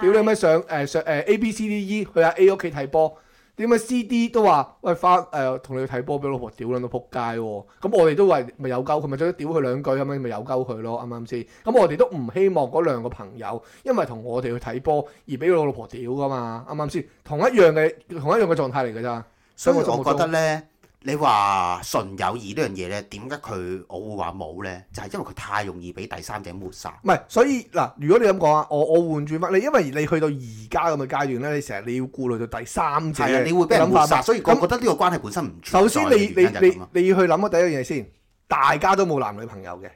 屌你妹上誒、呃、上誒、呃呃、A B C D E 去阿 A 屋企睇波。點解 C D 都話，喂，花誒，同你去睇波俾老婆屌撚到仆街喎？咁我哋都話咪有鳩佢，咪再屌佢兩句咁樣咪有鳩佢咯？啱唔啱先？咁我哋都唔希望嗰兩個朋友因為同我哋去睇波而俾佢老婆屌噶嘛？啱唔啱先？同一樣嘅同一樣嘅狀態嚟㗎咋，所以我覺得咧。你話純友誼呢樣嘢咧，點解佢我會話冇咧？就係、是、因為佢太容易俾第三者抹殺。唔係，所以嗱，如果你咁講啊，我我換轉翻你，因為你去到而家咁嘅階段咧，你成日你要顧慮到第三者，你會俾人抹殺，抹殺，所以我，那我覺得呢個關係本身唔存在嘅原因就係你，你，你要去諗下第一樣嘢先，大家都冇男女朋友嘅，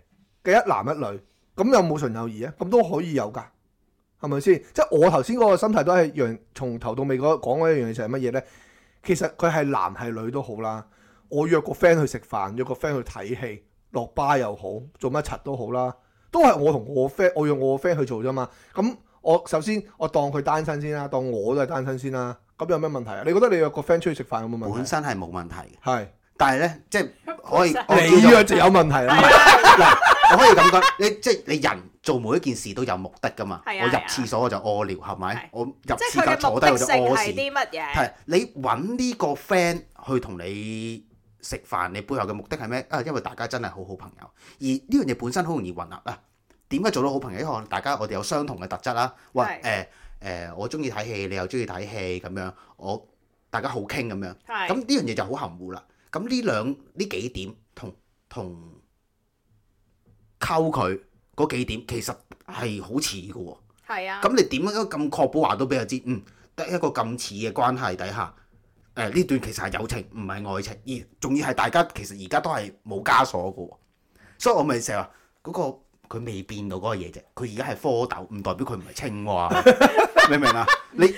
嘅一男一女，咁有冇純友誼啊？咁都可以有㗎，係咪先？即、就、係、是、我頭先嗰個心態都係一樣，從頭到尾講一樣嘢就係乜嘢咧？其實佢係男係女都好啦。我約個 friend 去食飯，約個 friend 去睇戲，落巴又好，做乜柒都好啦，都係我同我 friend，我約我 friend 去做啫嘛。咁我首先我當佢單身先啦，當我都係單身先啦。咁有咩問題啊？你覺得你約個 friend 出去食飯有冇問題？本身係冇問題嘅。係，但係咧，即係可以你約就有問題啦。嗱，我可以咁講，你即係你人做每一件事都有目的㗎嘛。我入廁所我就屙尿，係咪？我入廁所坐低我就屙屎。係，你揾呢個 friend 去同你，食飯，你背後嘅目的係咩？啊，因為大家真係好好朋友，而呢樣嘢本身好容易混淆啦。啊，點解做到好朋友？因為大家我哋有相同嘅特質啦，或誒誒，我中意睇戲，你又中意睇戲咁樣，我大家好傾咁樣。係是。咁呢樣嘢就好含糊啦。咁呢兩呢幾點同同溝佢嗰幾點，其實係好似㗎喎。係啊。咁你點樣咁確保話都俾佢知？嗯，得一個咁似嘅關係底下。誒，呢段其實係友情，唔係愛情，而仲要係大家其實而家都係冇枷鎖嘅喎，所以我咪成日話嗰個佢未變到嗰個嘢啫，佢而家係蝌蚪，唔代表佢唔係青蛙， 你明唔明啊？你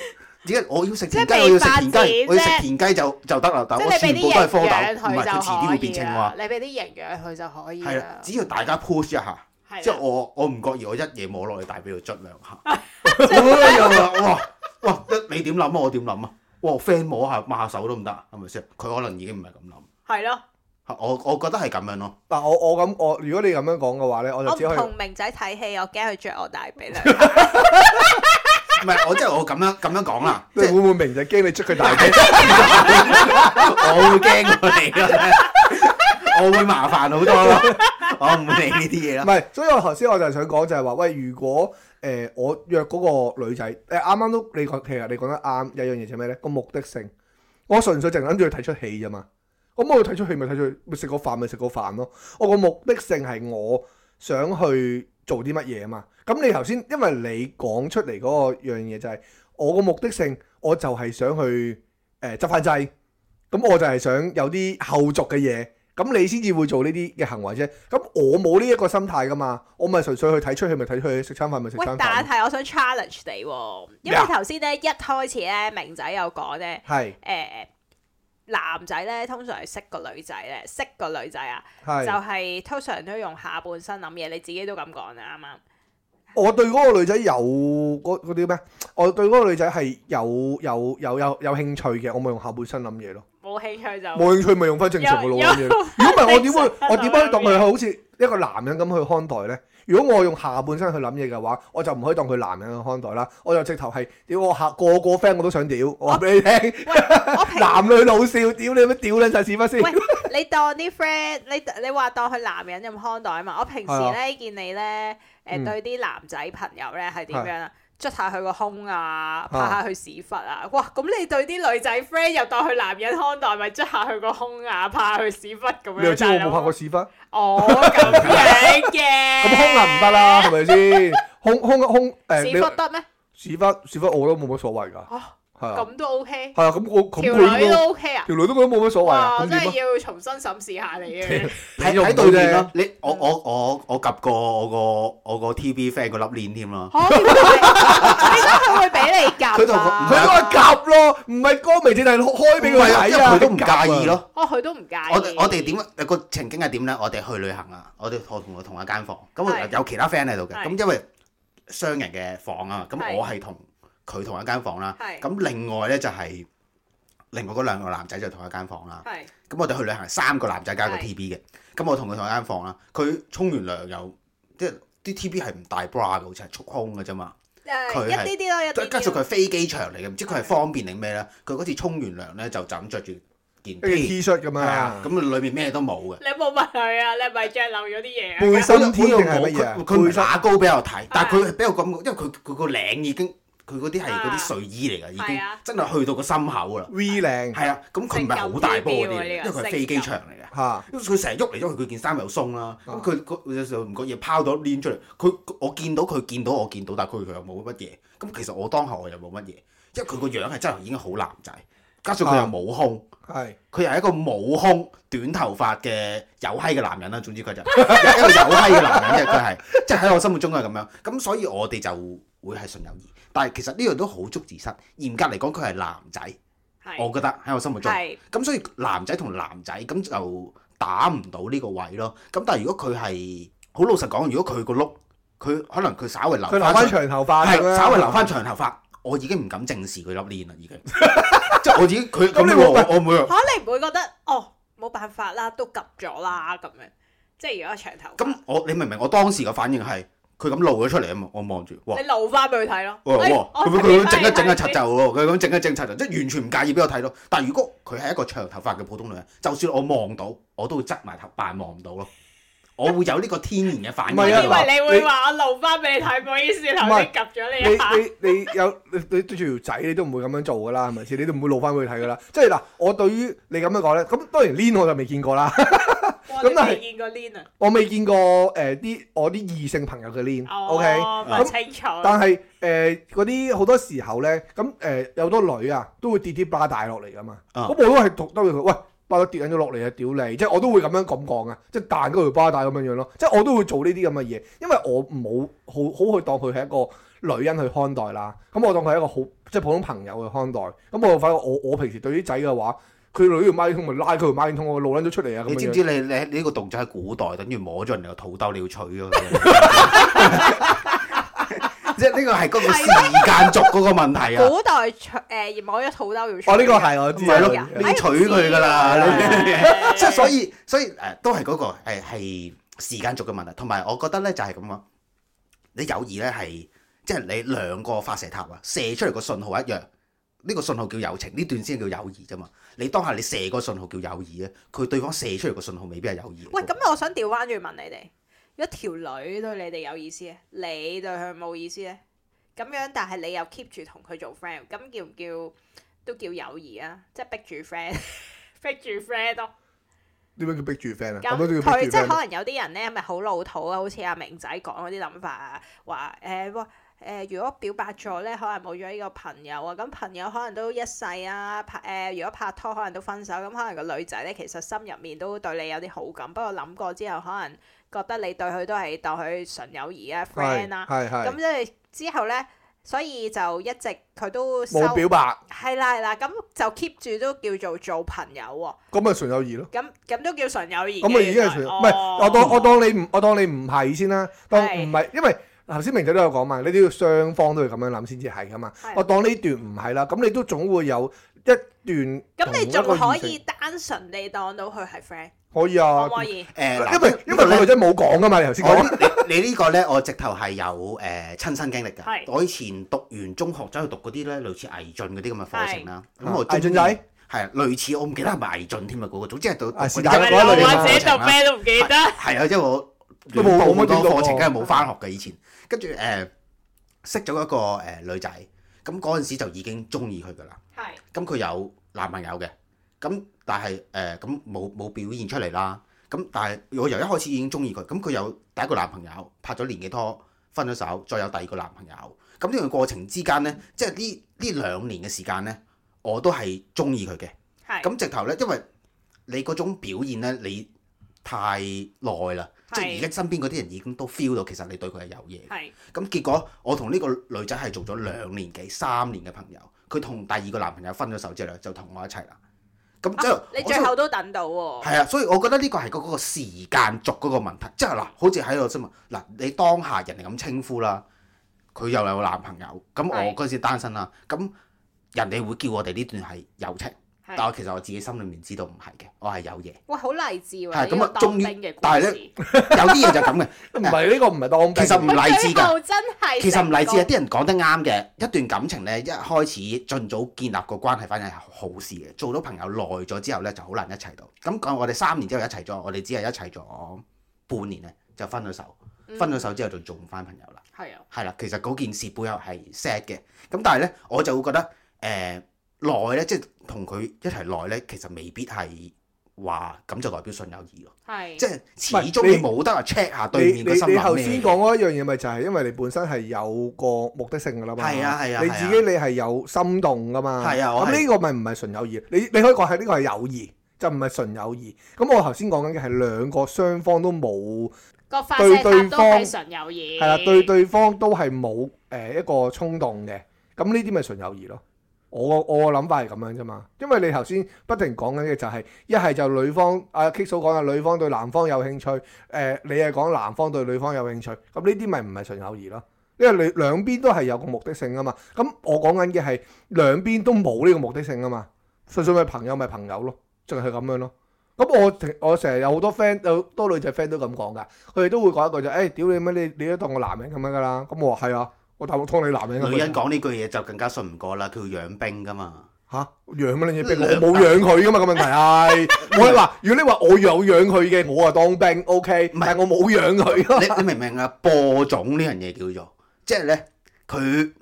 而家我要食田雞，我要食田雞，即我要食田,即田雞就就得啦，即但我全部都係蝌蚪，唔係佢遲啲會變青蛙。你俾啲營養佢就可以。係啦，只要大家 push 一下，即係的我我唔覺意我一夜摸落去，大髀佢捽兩下，又啦、 就是 哎，哇哇,哇,哇，你點諗啊？我點諗啊？我 friend 摸下抹下手都唔得，係咪先？佢可能已經唔係咁諗。係咯的。我我覺得係咁樣咯。但我我咁我如果你咁樣講嘅話咧，我就只可以同明仔睇戲，我驚佢着我大髀。唔係， 我即係我咁樣咁樣講啦。會唔會明仔驚你著佢大髀？ 我會驚佢嚟㗎，我會麻煩好多咯。我唔理呢啲嘢啦。唔係，所以我頭先我就係想講就係話喂，如果。誒、呃，我約嗰個女仔，誒啱啱都你講，其實，你講得啱。有一樣嘢就係咩咧？個目的性，我純粹淨係諗住去睇出戲啫嘛。咁我睇出戲咪睇出戲，咪食個飯咪食個飯咯。我個目的性係我想去做啲乜嘢嘛。咁你頭先因為你講出嚟嗰個樣嘢就係、是、我個目的性，我就係想去誒、呃、執返掣。咁我就係想有啲後續嘅嘢。咁你先至會做呢啲嘅行為啫，咁我冇呢一個心態噶嘛，我咪純粹去睇出，出去，咪睇出去食餐飯咪食餐飯。喂，但係我想 challenge 你、啊，因為頭先咧一開始咧明仔有講咧，誒係、欸、男仔咧通常係識個女仔咧，識個女仔啊，係就係通常都用下半身諗嘢，你自己都咁講啊啱啱。對我對嗰個女仔有嗰啲咩？我對嗰個女仔係有有有有有，有興趣嘅，我咪用下半身諗嘢咯。冇興趣就冇興趣，咪用翻正常嘅腦諗嘢。如果唔係我點會， 我點可以當佢好似一個男人咁去看待呢？如果我用下半身去諗嘢嘅話，我就唔可以當佢男人去看待啦。我就直頭係屌我下個個 friend 我都想屌我，我話俾你聽。男女老少屌你咩屌撚曬屎忽先？你，喂 你當啲 friend 你你話當佢男人咁看待啊嘛？我平時呢、啊、見你呢，誒、呃嗯、對啲男仔朋友呢係點樣啊？捽下佢個胸啊，拍下佢屎忽啊，啊哇！咁你對啲女仔 friend 又當佢男人看待，咪捽下佢個胸啊，拍下佢屎忽咁樣？你又知我冇拍過屎忽？我咁型嘅，咁胸 啊唔得啦，係咪先？胸胸胸誒，屎忽得咩？屎忽屎忽我都冇乜所謂㗎。啊咁都 OK，係啊，咁我條女都 OK 啊，條女都覺得冇乜所謂啊，我真係要重新審視下你啊，睇睇對面啦，你我我我我夾過我個我個 TV fan 個粒鏈添啦，應該佢會俾你夾，佢就佢都係夾咯，唔係歌未定係開俾佢睇啊，因為佢都唔介意咯，哦，佢都唔介意。我我哋點啊個情景係點咧？我哋去旅行啊，我哋我同同一間房，咁有有其他 friend 喺度嘅，咁因為雙人嘅房啊，咁我係同。佢同一間房啦，咁是另外呢，就係、是、另外嗰兩個男仔就同一間房啦。咁是我哋去旅行三個男仔加個 T B 嘅。咁是我同佢同一間房啦。佢沖完涼，有即係啲 T B 係唔帶 bra 嘅，好似係束胸嘅啫嘛。佢是一啲啲咯，一啲啲。加上佢飛機場嚟嘅，唔知佢係方便定咩呢？佢嗰是次沖完涼呢，就就咁著住件 T 恤咁樣，咁裏面咩都冇嘅。你冇問佢啊？你係咪著漏咗啲嘢？背心天定係乜嘢啊？佢會打高俾我睇，生但係佢比較感覺，因為佢佢個領已經。佢嗰啲係嗰啲睡衣嚟㗎，已經真係去到個心口啦。very 靚。係啊，咁佢唔係好大波嗰啲，因為佢係飛機場嚟嘅。嚇、啊。因為佢成日喐嚟喐去，佢件衫又鬆啦。咁佢佢有時候唔覺嘢拋到攣出嚟。佢我見到佢見到我見到，但係佢佢又冇乜嘢。咁其實我當下我又冇乜嘢，因為佢個樣係真係已經好男仔。加上佢又冇胸，係佢又係一個冇胸、短頭髮嘅有閪嘅男人啦。總之佢就係一個有閪嘅男人，即佢係即係喺我心目中係咁樣。咁所以我哋就會係純友誼。但係其實呢樣都好捉字蝨。嚴格嚟講，佢係男仔，是我覺得喺我心目中。咁所以男仔同男仔咁就打唔到呢個位咯。咁但係如果佢係好老實講，如果佢個碌，佢可能佢稍微留佢留翻長頭髮，係是嗎稍微留翻長頭髮。我已經唔敢正視佢粒鏈啦，已 經。即係 我已經佢咁樣我我唔可能，你唔會覺得哦冇辦法啦，都及咗啦咁樣，即係如果長頭。咁我你明唔明我當時嘅反應係佢咁露咗出嚟啊嘛？我望住，你露翻俾佢睇咯。佢佢整一整啊，拆就咯。佢咁整一整拆就，即係完全唔介意俾我睇咯。但係如果佢係一個長頭髮嘅普通女人，就算我望到，我都會側埋頭扮望唔到咯。 我會有呢個天然嘅反應、啊，以為你會話你我露翻俾你睇，唔好意思頭先及咗你你你，你有你對住條仔，你都唔會咁樣做㗎啦，係咪先？你都唔會露翻俾佢睇㗎啦。即係嗱，我對於你咁樣講咧，咁當然 lien 我就未見過啦、 呃。我未見過 lien 啊！我未見過誒啲我啲異性朋友嘅 lien 哦，唔 okay? 清楚。但係誒嗰啲好多時候咧，咁誒、呃、有多女啊都會跌啲巴帶落嚟㗎嘛。啊、嗯！咁我都係同兜住佢喂！包都跌緊咗落嚟啊！屌你，即係我都會咁樣咁講啊！即係彈嗰條巴帶咁樣樣咯，即係我都會做呢啲咁嘅嘢，因為我冇好好去當佢係一個女人去看待啦。咁我當佢係一個好即係普通朋友去看待。咁我就發覺我我平時對於仔嘅話，佢攞條麥當咪拉佢條麥當，我露撚咗出嚟啊！你知唔知你你呢個動作喺古代等於摸咗人哋個肚兜，你要取咗佢。 即係呢個係嗰個時間軸嗰個問題啊！ 古代娶誒，摸咗肚兜要。我呢、哦這個係我知，是你娶佢噶啦，即係、哎、你 所以，所以誒、呃，都係嗰、那個係係時間軸嘅問題。同埋我覺得咧，就係咁啊。你友誼咧係即係你兩個發射塔啊，射出嚟個信號一樣，呢、這個信號叫友情，呢段先叫友誼啫嘛。你當下你射個信號叫友誼啊，佢對方射出嚟個信號未必係友誼。喂，咁我想調返住問你哋。一條女對你哋有意思，你對佢冇意思咧，咁樣但係你又 keep 住同佢做 friend，咁叫唔叫都叫友誼啊？即係逼住 friend，逼住 friend 咯。點樣叫逼住 friend 啊？佢即係可能有啲人咧，咪好老土啊？好似阿明仔講嗰啲諗法啊，話誒，哇、呃、誒、呃呃，如果表白咗咧，可能冇咗呢個朋友啊，咁朋友可能都一世啊，拍誒、呃、如果拍拖可能都分手，咁可能個女仔咧其實心入面都對你有啲好感，不過諗過之後可能。覺得你對佢都係當佢純友誼啊，friend 啦，咁即係之後咧，所以就一直佢都冇表白，係啦係啦，咁就 keep 住都叫做做朋友喎。咁咪純友誼咯？咁咁都叫純友誼。咁啊，已經係純友，唔係我當我當你唔我當你唔係先啦，當唔係，因為頭先明仔都有講嘛，你都要雙方都要咁樣諗先至係噶嘛。我當呢段唔係啦，咁你都總會有。一段咁，你仲可以單純地當到佢係 friend 可以啊？可唔可以？誒，因為因為女仔冇講噶嘛，你頭先講你呢個咧，我直頭係有誒親身經歷㗎。我以前讀完中學走去讀嗰啲咧類似毅進嗰啲咁嘅課程啦。咁我毅進仔係類似我唔記得係咪係毅進添啊？嗰個總之係到啊，是但嗰類型咩都唔記得。係啊，因為我好多課程梗係冇返學嘅以前，跟住誒識咗一個誒女仔，咁嗰陣時就已經中意佢㗎啦。咁佢有男朋友嘅，咁但係誒咁冇冇表現出嚟啦，咁但係我由一開始已經中意佢，咁佢有第一個男朋友拍咗年幾拖，分咗手，再有第二個男朋友，咁呢個過程之間呢，即係呢呢兩年嘅時間呢，我都係中意佢嘅，咁是 直頭呢，因為你嗰種表現呢，你太耐啦，是 即係而家身邊嗰啲人已經都 feel 到其實你對佢係有嘢，咁是 結果我同呢個女仔係做咗兩年幾三年嘅朋友。佢同第二個男朋友分咗手之後就同我一齊啦。咁即係你最後就都等到喎。哦。係啊，所以我覺得呢個係嗰，那個那個時間軸嗰個問題。即係嗱，好似喺度新聞嘛。嗱，啊，你當下人哋咁稱呼啦，佢又有男朋友，咁我嗰陣時單身啦，咁是人哋會叫我哋呢段係友情。但我其實我自己心裏面知道唔係嘅，我係有嘢。哇！好勵志喎，係咁啊，終於，但係咧，有啲嘢就咁嘅，唔係呢個唔係當。其實唔勵志㗎，真係其實唔勵志啊！啲人講得啱嘅，一段感情咧，一開始盡早建立個關係，反正係好事嘅。做到朋友耐咗之後咧，就好難一齊到。咁講，我哋三年之後一齊咗，我哋只係一齊咗半年咧，就分咗手。分咗手之後就做唔翻朋友啦。係啊、嗯，係啦的，其實嗰件事背後係 set 嘅。咁但係咧，我就會覺得誒。呃耐咧，即係同佢一齊耐咧，其實未必係話咁就代表純友誼咯。係是，即係始終你冇得話 check 下對面嗰啲心諗咩。你你頭先講嗰一樣嘢咪就係因為你本身係有個目的性㗎啦嘛。係啊係啊，啊啊你自己你係有心動㗎嘛。係啊，咁呢個咪唔係純友誼。你你可以講係呢個係友誼，就唔係純友誼。咁我頭先講緊嘅係兩個雙方都冇對,對對方，係啦，啊、對,對對方都係冇誒一個衝動嘅。咁呢啲咪純友誼咯。我我個諗法係咁樣啫嘛，因為你頭先不停講緊嘅就係一係就女方啊 K 嫂講啊，女方對男方有興趣，誒、呃、你係講男方對女方有興趣，咁呢啲咪唔係純友誼咯，因為兩兩邊都係有個目的性啊嘛。咁我講緊嘅係兩邊都冇呢個目的性啊嘛，純粹咪朋友咪朋友咯，就係咁樣咯。咁我我成日有好多 friend 有好多女仔 friend 都咁講㗎，佢哋都會講一句就誒、是哎，屌你乜你你都當我男人咁樣㗎啦。咁我話係啊。我大佬劏你男人，女人講呢句嘢就更加信唔過啦！佢要養兵噶嘛嚇，養乜嘢兵，我冇養佢噶嘛個問題係，我嗱如果你話我有養佢嘅，我啊當兵 OK，唔係我冇養佢。你你明唔明啊？播種呢樣嘢叫做，即係咧佢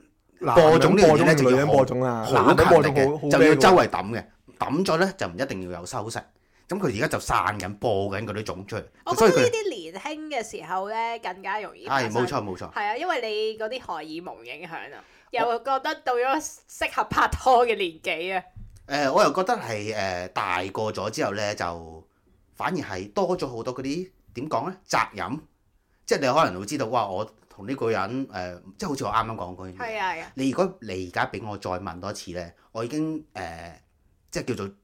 播種呢樣嘢就要播種，好難嘅，就要周圍揼嘅，揼咗咧就唔一定要有收成。咁佢而家就散緊播緊嗰啲種出嚟，我覺得呢啲年輕嘅時候咧更加容易。係冇錯冇錯，係啊，因為你嗰啲荷爾蒙影響啊，我又覺得到咗適合拍拖嘅年紀啊。誒、呃，我又覺得係誒、呃、大個咗之後咧，就反而係多咗好多嗰啲點講咧責任，即係你可能會知道哇，我同呢個人誒、呃，即係好似我啱啱講嗰樣嘢。係啊係啊，你如果你而家俾我再問多次咧，我已經誒、呃、即係叫做。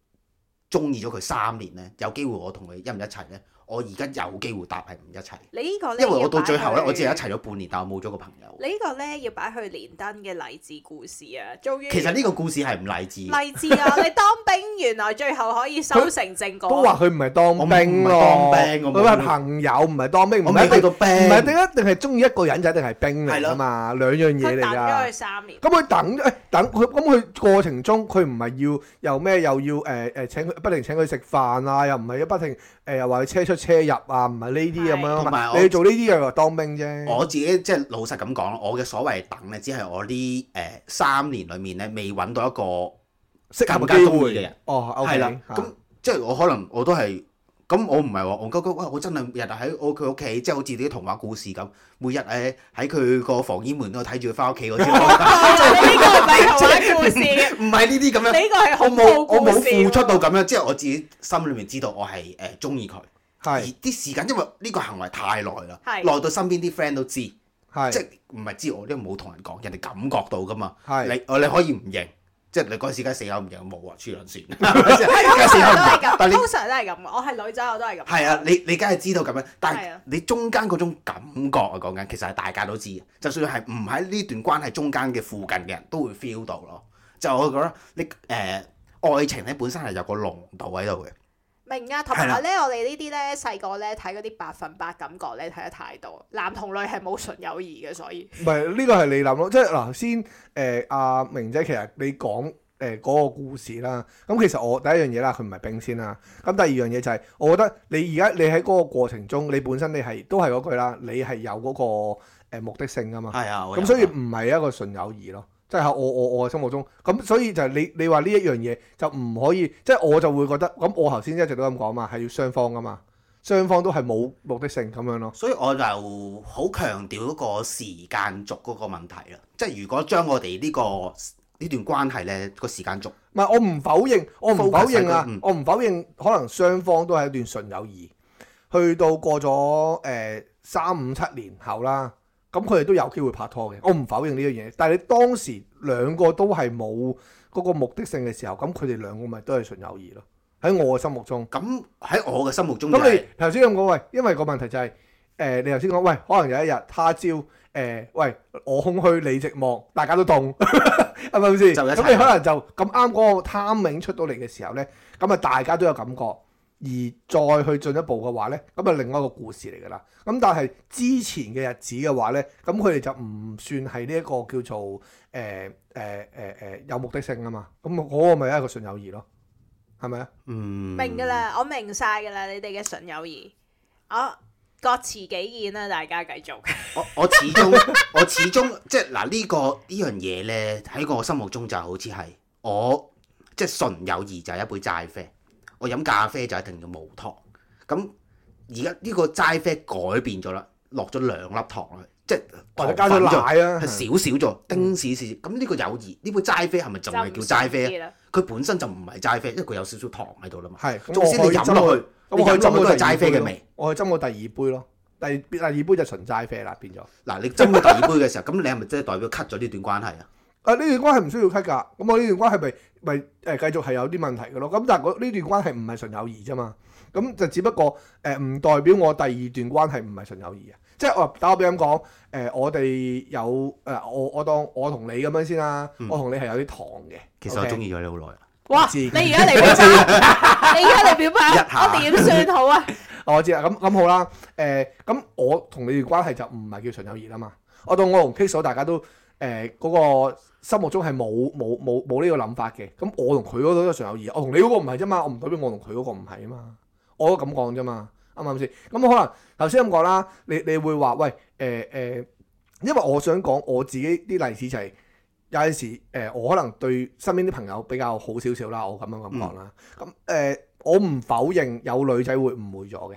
中意咗佢三年咧，有機會我一一，我同佢一唔一齊咧？我而家有機會答係唔一齊，你依個你因為我到最後咧，他我只係一齊咗半年，但我冇咗個朋友。你個呢個咧要擺去連登嘅勵志故事啊！終於其實呢個故事係唔勵志。勵 志 啊！你當兵原來最後可以收成正果。都話佢唔係當兵咯，啊，佢係朋友唔係當兵。我未去兵，唔係點一定係中意一個人就一定係兵嚟㗎嘛？咯兩樣嘢嚟㗎。佢等咗佢三年。咁佢等誒等佢咁佢過程中佢唔係要又咩又要誒誒、呃、請佢不停請佢食飯啊，又唔係要不停誒、呃、又話佢車出。車入啊，唔係呢啲咁樣。同埋你做呢啲又當兵啫。我自己即係老實咁講，我嘅所謂等咧，只係我呢誒三年裏面咧未搵到一個適合機會嘅人。哦，OK，係啦，咁即係我可能我都係咁，我唔係話我嗰嗰我真係日日喺我佢屋企，即係好似啲童話故事咁，每日誒喺佢個房門門度睇住佢翻屋企嗰啲。呢個唔係童話故事。唔係呢啲咁樣。呢個係恐怖故事。我冇我冇付出到咁樣，即係我自己心裏面知道我係誒中意佢。而啲時間，因為呢個行為太耐啦，耐的到身邊啲 friend 都知，的即係唔係知我呢？冇同人講，人哋感覺到噶嘛。的你你可以唔認，即係你嗰時梗係死口唔認，冇啊，黐撚線。通常都係咁，我係女仔我都係咁。係啊，你你梗係知道咁樣，但係的你中間嗰種感覺啊，講緊其實係大家都知，就算係唔喺呢段關係中間嘅附近嘅人都會 feel 到咯。就我覺得你，你、呃、誒愛情咧本身係有個濃度喺度嘅。明啊，同埋咧，我哋呢啲咧，細個咧睇嗰啲百分百感覺咧，睇得太多。男同女係冇純友誼嘅，所以唔係呢個係你諗咯。即係嗱，先誒阿明仔，其實你講誒嗰個故事啦。咁其實我第一樣嘢啦，佢唔係兵先啦。咁第二樣嘢就係，我覺得你而家你喺嗰個過程中，你本身你係都係嗰句啦，你係有嗰個目的性啊嘛。係啊、哎，咁所以唔係一個純友誼咯。即係我我我嘅心目中，咁所以就係你你話呢一樣嘢就唔可以，即係我就會覺得咁。我頭先一直都咁講嘛，係要雙方噶嘛，雙方都係冇目的性咁樣咯。所以我就好強調嗰個時間軸嗰個問題啦。即係如果將我哋呢個呢段關係咧個時間軸，唔係我唔否認，我唔否認啊，嗯、我唔否認可能雙方都係一段純友誼，去到過咗誒三五七年後啦。咁佢哋都有機會拍拖嘅，我唔否認呢樣嘢。但係你當時兩個都係冇嗰個目的性嘅時候，咁佢哋兩個咪都係純友誼咯。喺我嘅心目中，咁喺我嘅心目中，咁你頭先咁講喂，因為個問題就係，誒，你頭先講喂，可能有一日他朝，誒，喂，我空虛你寂寞，大家都凍，係咪咁先？咁你可能就咁啱嗰個 timing 出到嚟嘅時候咧，咁啊大家都有感覺。而再去進一步嘅話呢，咁啊，另外一個故事嚟噶啦。咁但係之前嘅日子嘅話呢，咁佢哋就唔算係呢一個叫做誒誒誒有目的性啊嘛。咁我咪一個純友誼咯，係咪啊？嗯，明噶啦，我明晒噶啦，你哋嘅純友誼，我、哦、各持己見啦、啊，大家繼續。我我始終 我始終，我始終即係嗱呢、這個呢樣嘢呢，喺我心目中就是、好似係我即係純友誼就係一杯齋啡。我飲咖啡就一定做無糖，咁而家呢個齋啡改變咗啦，落咗兩粒糖啊，即係或者加咗奶啊，係少少咗，丁屎屎，咁呢個友誼呢杯齋啡係咪仲係叫齋啡啊？佢本身就唔係齋啡，因為佢有少少糖喺度啦嘛。係，首先你飲落去，咁佢都係齋啡嘅味。我係斟過第二杯咯，第第二杯就純齋啡啦，變咗。嗱，你斟過第二杯嘅時候，咁你係咪即係代表 cut 咗呢段關係啊？啊呢段關係唔需要 cut 㗎，咁我呢段關係咪咪誒繼續係有啲問題嘅咯。咁但係我呢段關係唔係純友誼啫嘛，咁就只不過誒唔代表我第二段關係唔係純友誼啊。即係我打我比咁講，誒我哋有誒我我當我同你咁樣先啦，我同你係有啲糖嘅。其實我中意咗你好耐啦。哇！你而家嚟表白，你而家嚟表白， 我點算好啊？我知啊，咁咁好啦。誒咁我同你段關係就唔係叫純友誼啊嘛。我當我同 K 所大家都誒嗰個心目中係冇冇冇冇呢個諗法嘅，咁我同佢嗰個都常有意義，我同你嗰個唔係啫嘛，我唔代表我同佢嗰個唔係啊嘛，我都咁講啫嘛，啱唔啱先？咁可能頭先咁講啦，你你會話喂誒誒、呃，因為我想講我自己啲例子就係、是、有陣時誒，我可能對身邊啲朋友比較好少少啦，我咁樣咁講啦。咁誒、嗯嗯，我唔否認有女仔會誤會咗嘅，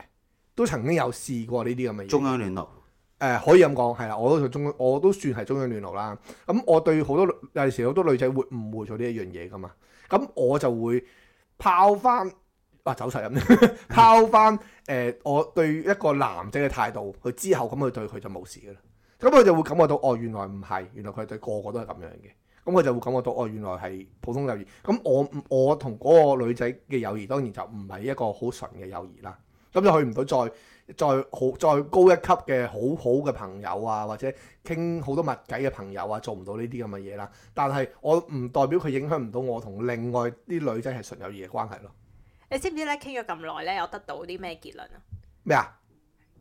都曾經有試過呢啲咁嘅嘢。中央領導。誒、呃、可以咁講，係啦，我都係中，我都算係中間聯絡啦。咁、嗯、我對好多有陣時好多女仔會誤會咗呢一樣嘢噶嘛。咁、嗯、我就會拋翻，啊走晒咁， 拋翻誒、呃、我對一個男仔嘅態度去，佢之後咁去對佢就冇事噶啦。咁、嗯、佢就會感覺到，哦原來唔係，原來佢對個個都係咁樣嘅。咁、嗯、佢就會感覺到，哦原來係普通友誼。咁、嗯、我我同嗰個女仔嘅友誼當然就唔係一個好純嘅友誼啦。咁就去唔到再再好再高一級嘅好好嘅朋友啊，或者傾好多密偈嘅朋友啊，做唔到呢啲咁嘅嘢啦。但係我唔代表佢影響唔到我同另外啲女仔係純友誼嘅關係咯。你知唔知咧？傾咗咁耐咧，有得到啲咩結論啊？咩啊？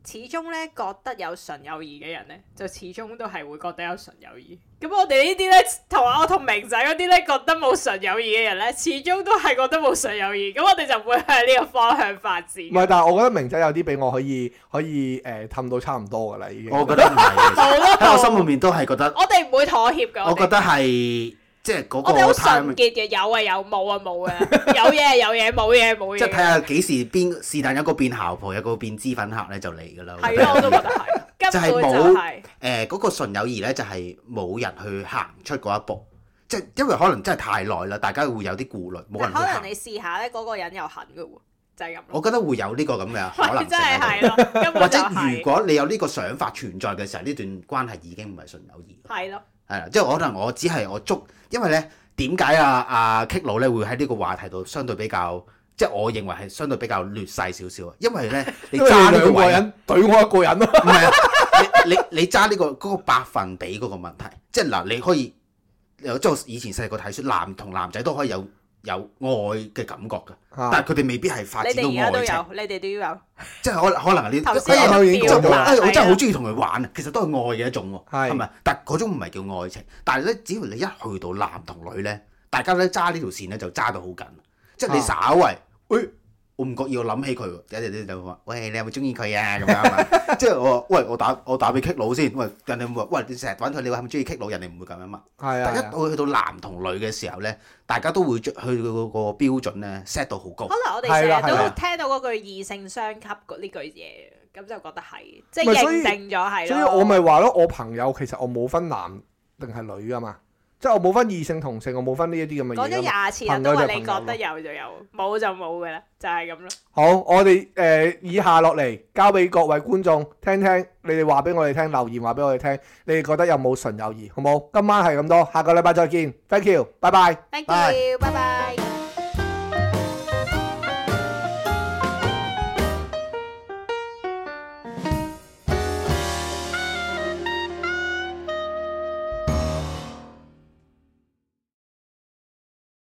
始終咧，覺得有純友誼嘅人咧，就始終都係會覺得有純友誼。咁我哋呢啲咧，同埋我同明仔嗰啲咧，覺得冇純友誼嘅人咧，始終都係覺得冇純友誼。咁我哋就唔會向呢個方向發展。唔係，但係我覺得明仔有啲俾我可以，可以誒氹，呃、到差唔多噶啦，已經覺得。我覺得唔係，但喺 我心裏面都係覺得。我哋唔會妥協噶。我覺得係。即係嗰個純潔嘅有啊有，冇啊冇啊，有嘢有嘢，冇嘢冇嘢。即係睇下幾時邊是但有個變姣婆，有個變脂粉客咧就嚟㗎啦。係啊，我都覺得係。根本就係誒嗰個純友誼咧，就係冇人去行出嗰一步。即係因為可能真係太耐啦，大家會有啲顧慮，冇人。可能你試下咧，嗰個人又狠嘅喎，就係咁。我覺得會有呢個咁嘅可能，真係係咯，或者如果你有呢個想法存在嘅時候，呢段關係已經唔係純友誼。係咯。係啦，即係可能我只係我捉，因為咧點解阿阿 K 佬咧會喺呢個話題度相對比較，即係我認為係相對比較劣勢少少啊，因為咧你揸兩個人，懟我一個人咯，唔係啊，你 你揸呢個嗰個百分比嗰個問題，即係嗱你可以即係以前細個睇書，男同男仔都可以有有愛嘅感覺㗎，但係佢哋未必係發展到愛情。你哋而家都有，你哋都要有。有即係可可能你頭先我已經講啦，很的我真係好中意同佢玩，其實都係愛嘅一種喎，係咪的？但係嗰種唔係叫愛情，但係咧，只要你一去到男同女咧，大家咧揸呢條線咧就揸到好緊，即係你稍微，哎。我唔覺要諗起佢喎，有啲人就會話：喂，你有冇中意佢啊？咁樣，即係我話：喂，我打我打俾 K 佬先。喂，人哋唔會。喂，你成日揾佢，你話係咪中意 K 佬，人哋唔會咁樣嘛。係啊。大家會去到男同女嘅時候咧，大家都會將去到嗰個標準咧 set 到好高。可能我哋成日都聽到嗰句異性相吸嗰呢句嘢，咁就覺得係，即係認定咗係咯。所以我咪話咯，我朋友其實我冇分男定係女吖嘛。即係我冇分異性同性，我冇分呢一啲咁嘅嘢。講咗廿次人都話你覺得有就有，冇就冇㗎啦，就係咁咯。好，我哋誒以下落嚟交俾各位觀眾聽聽，你哋話俾我哋聽，留言話俾我哋聽，你哋覺得有冇純友誼，好冇？今晚係咁多，下個禮拜再見。Thank you，拜拜。Thank you，拜拜。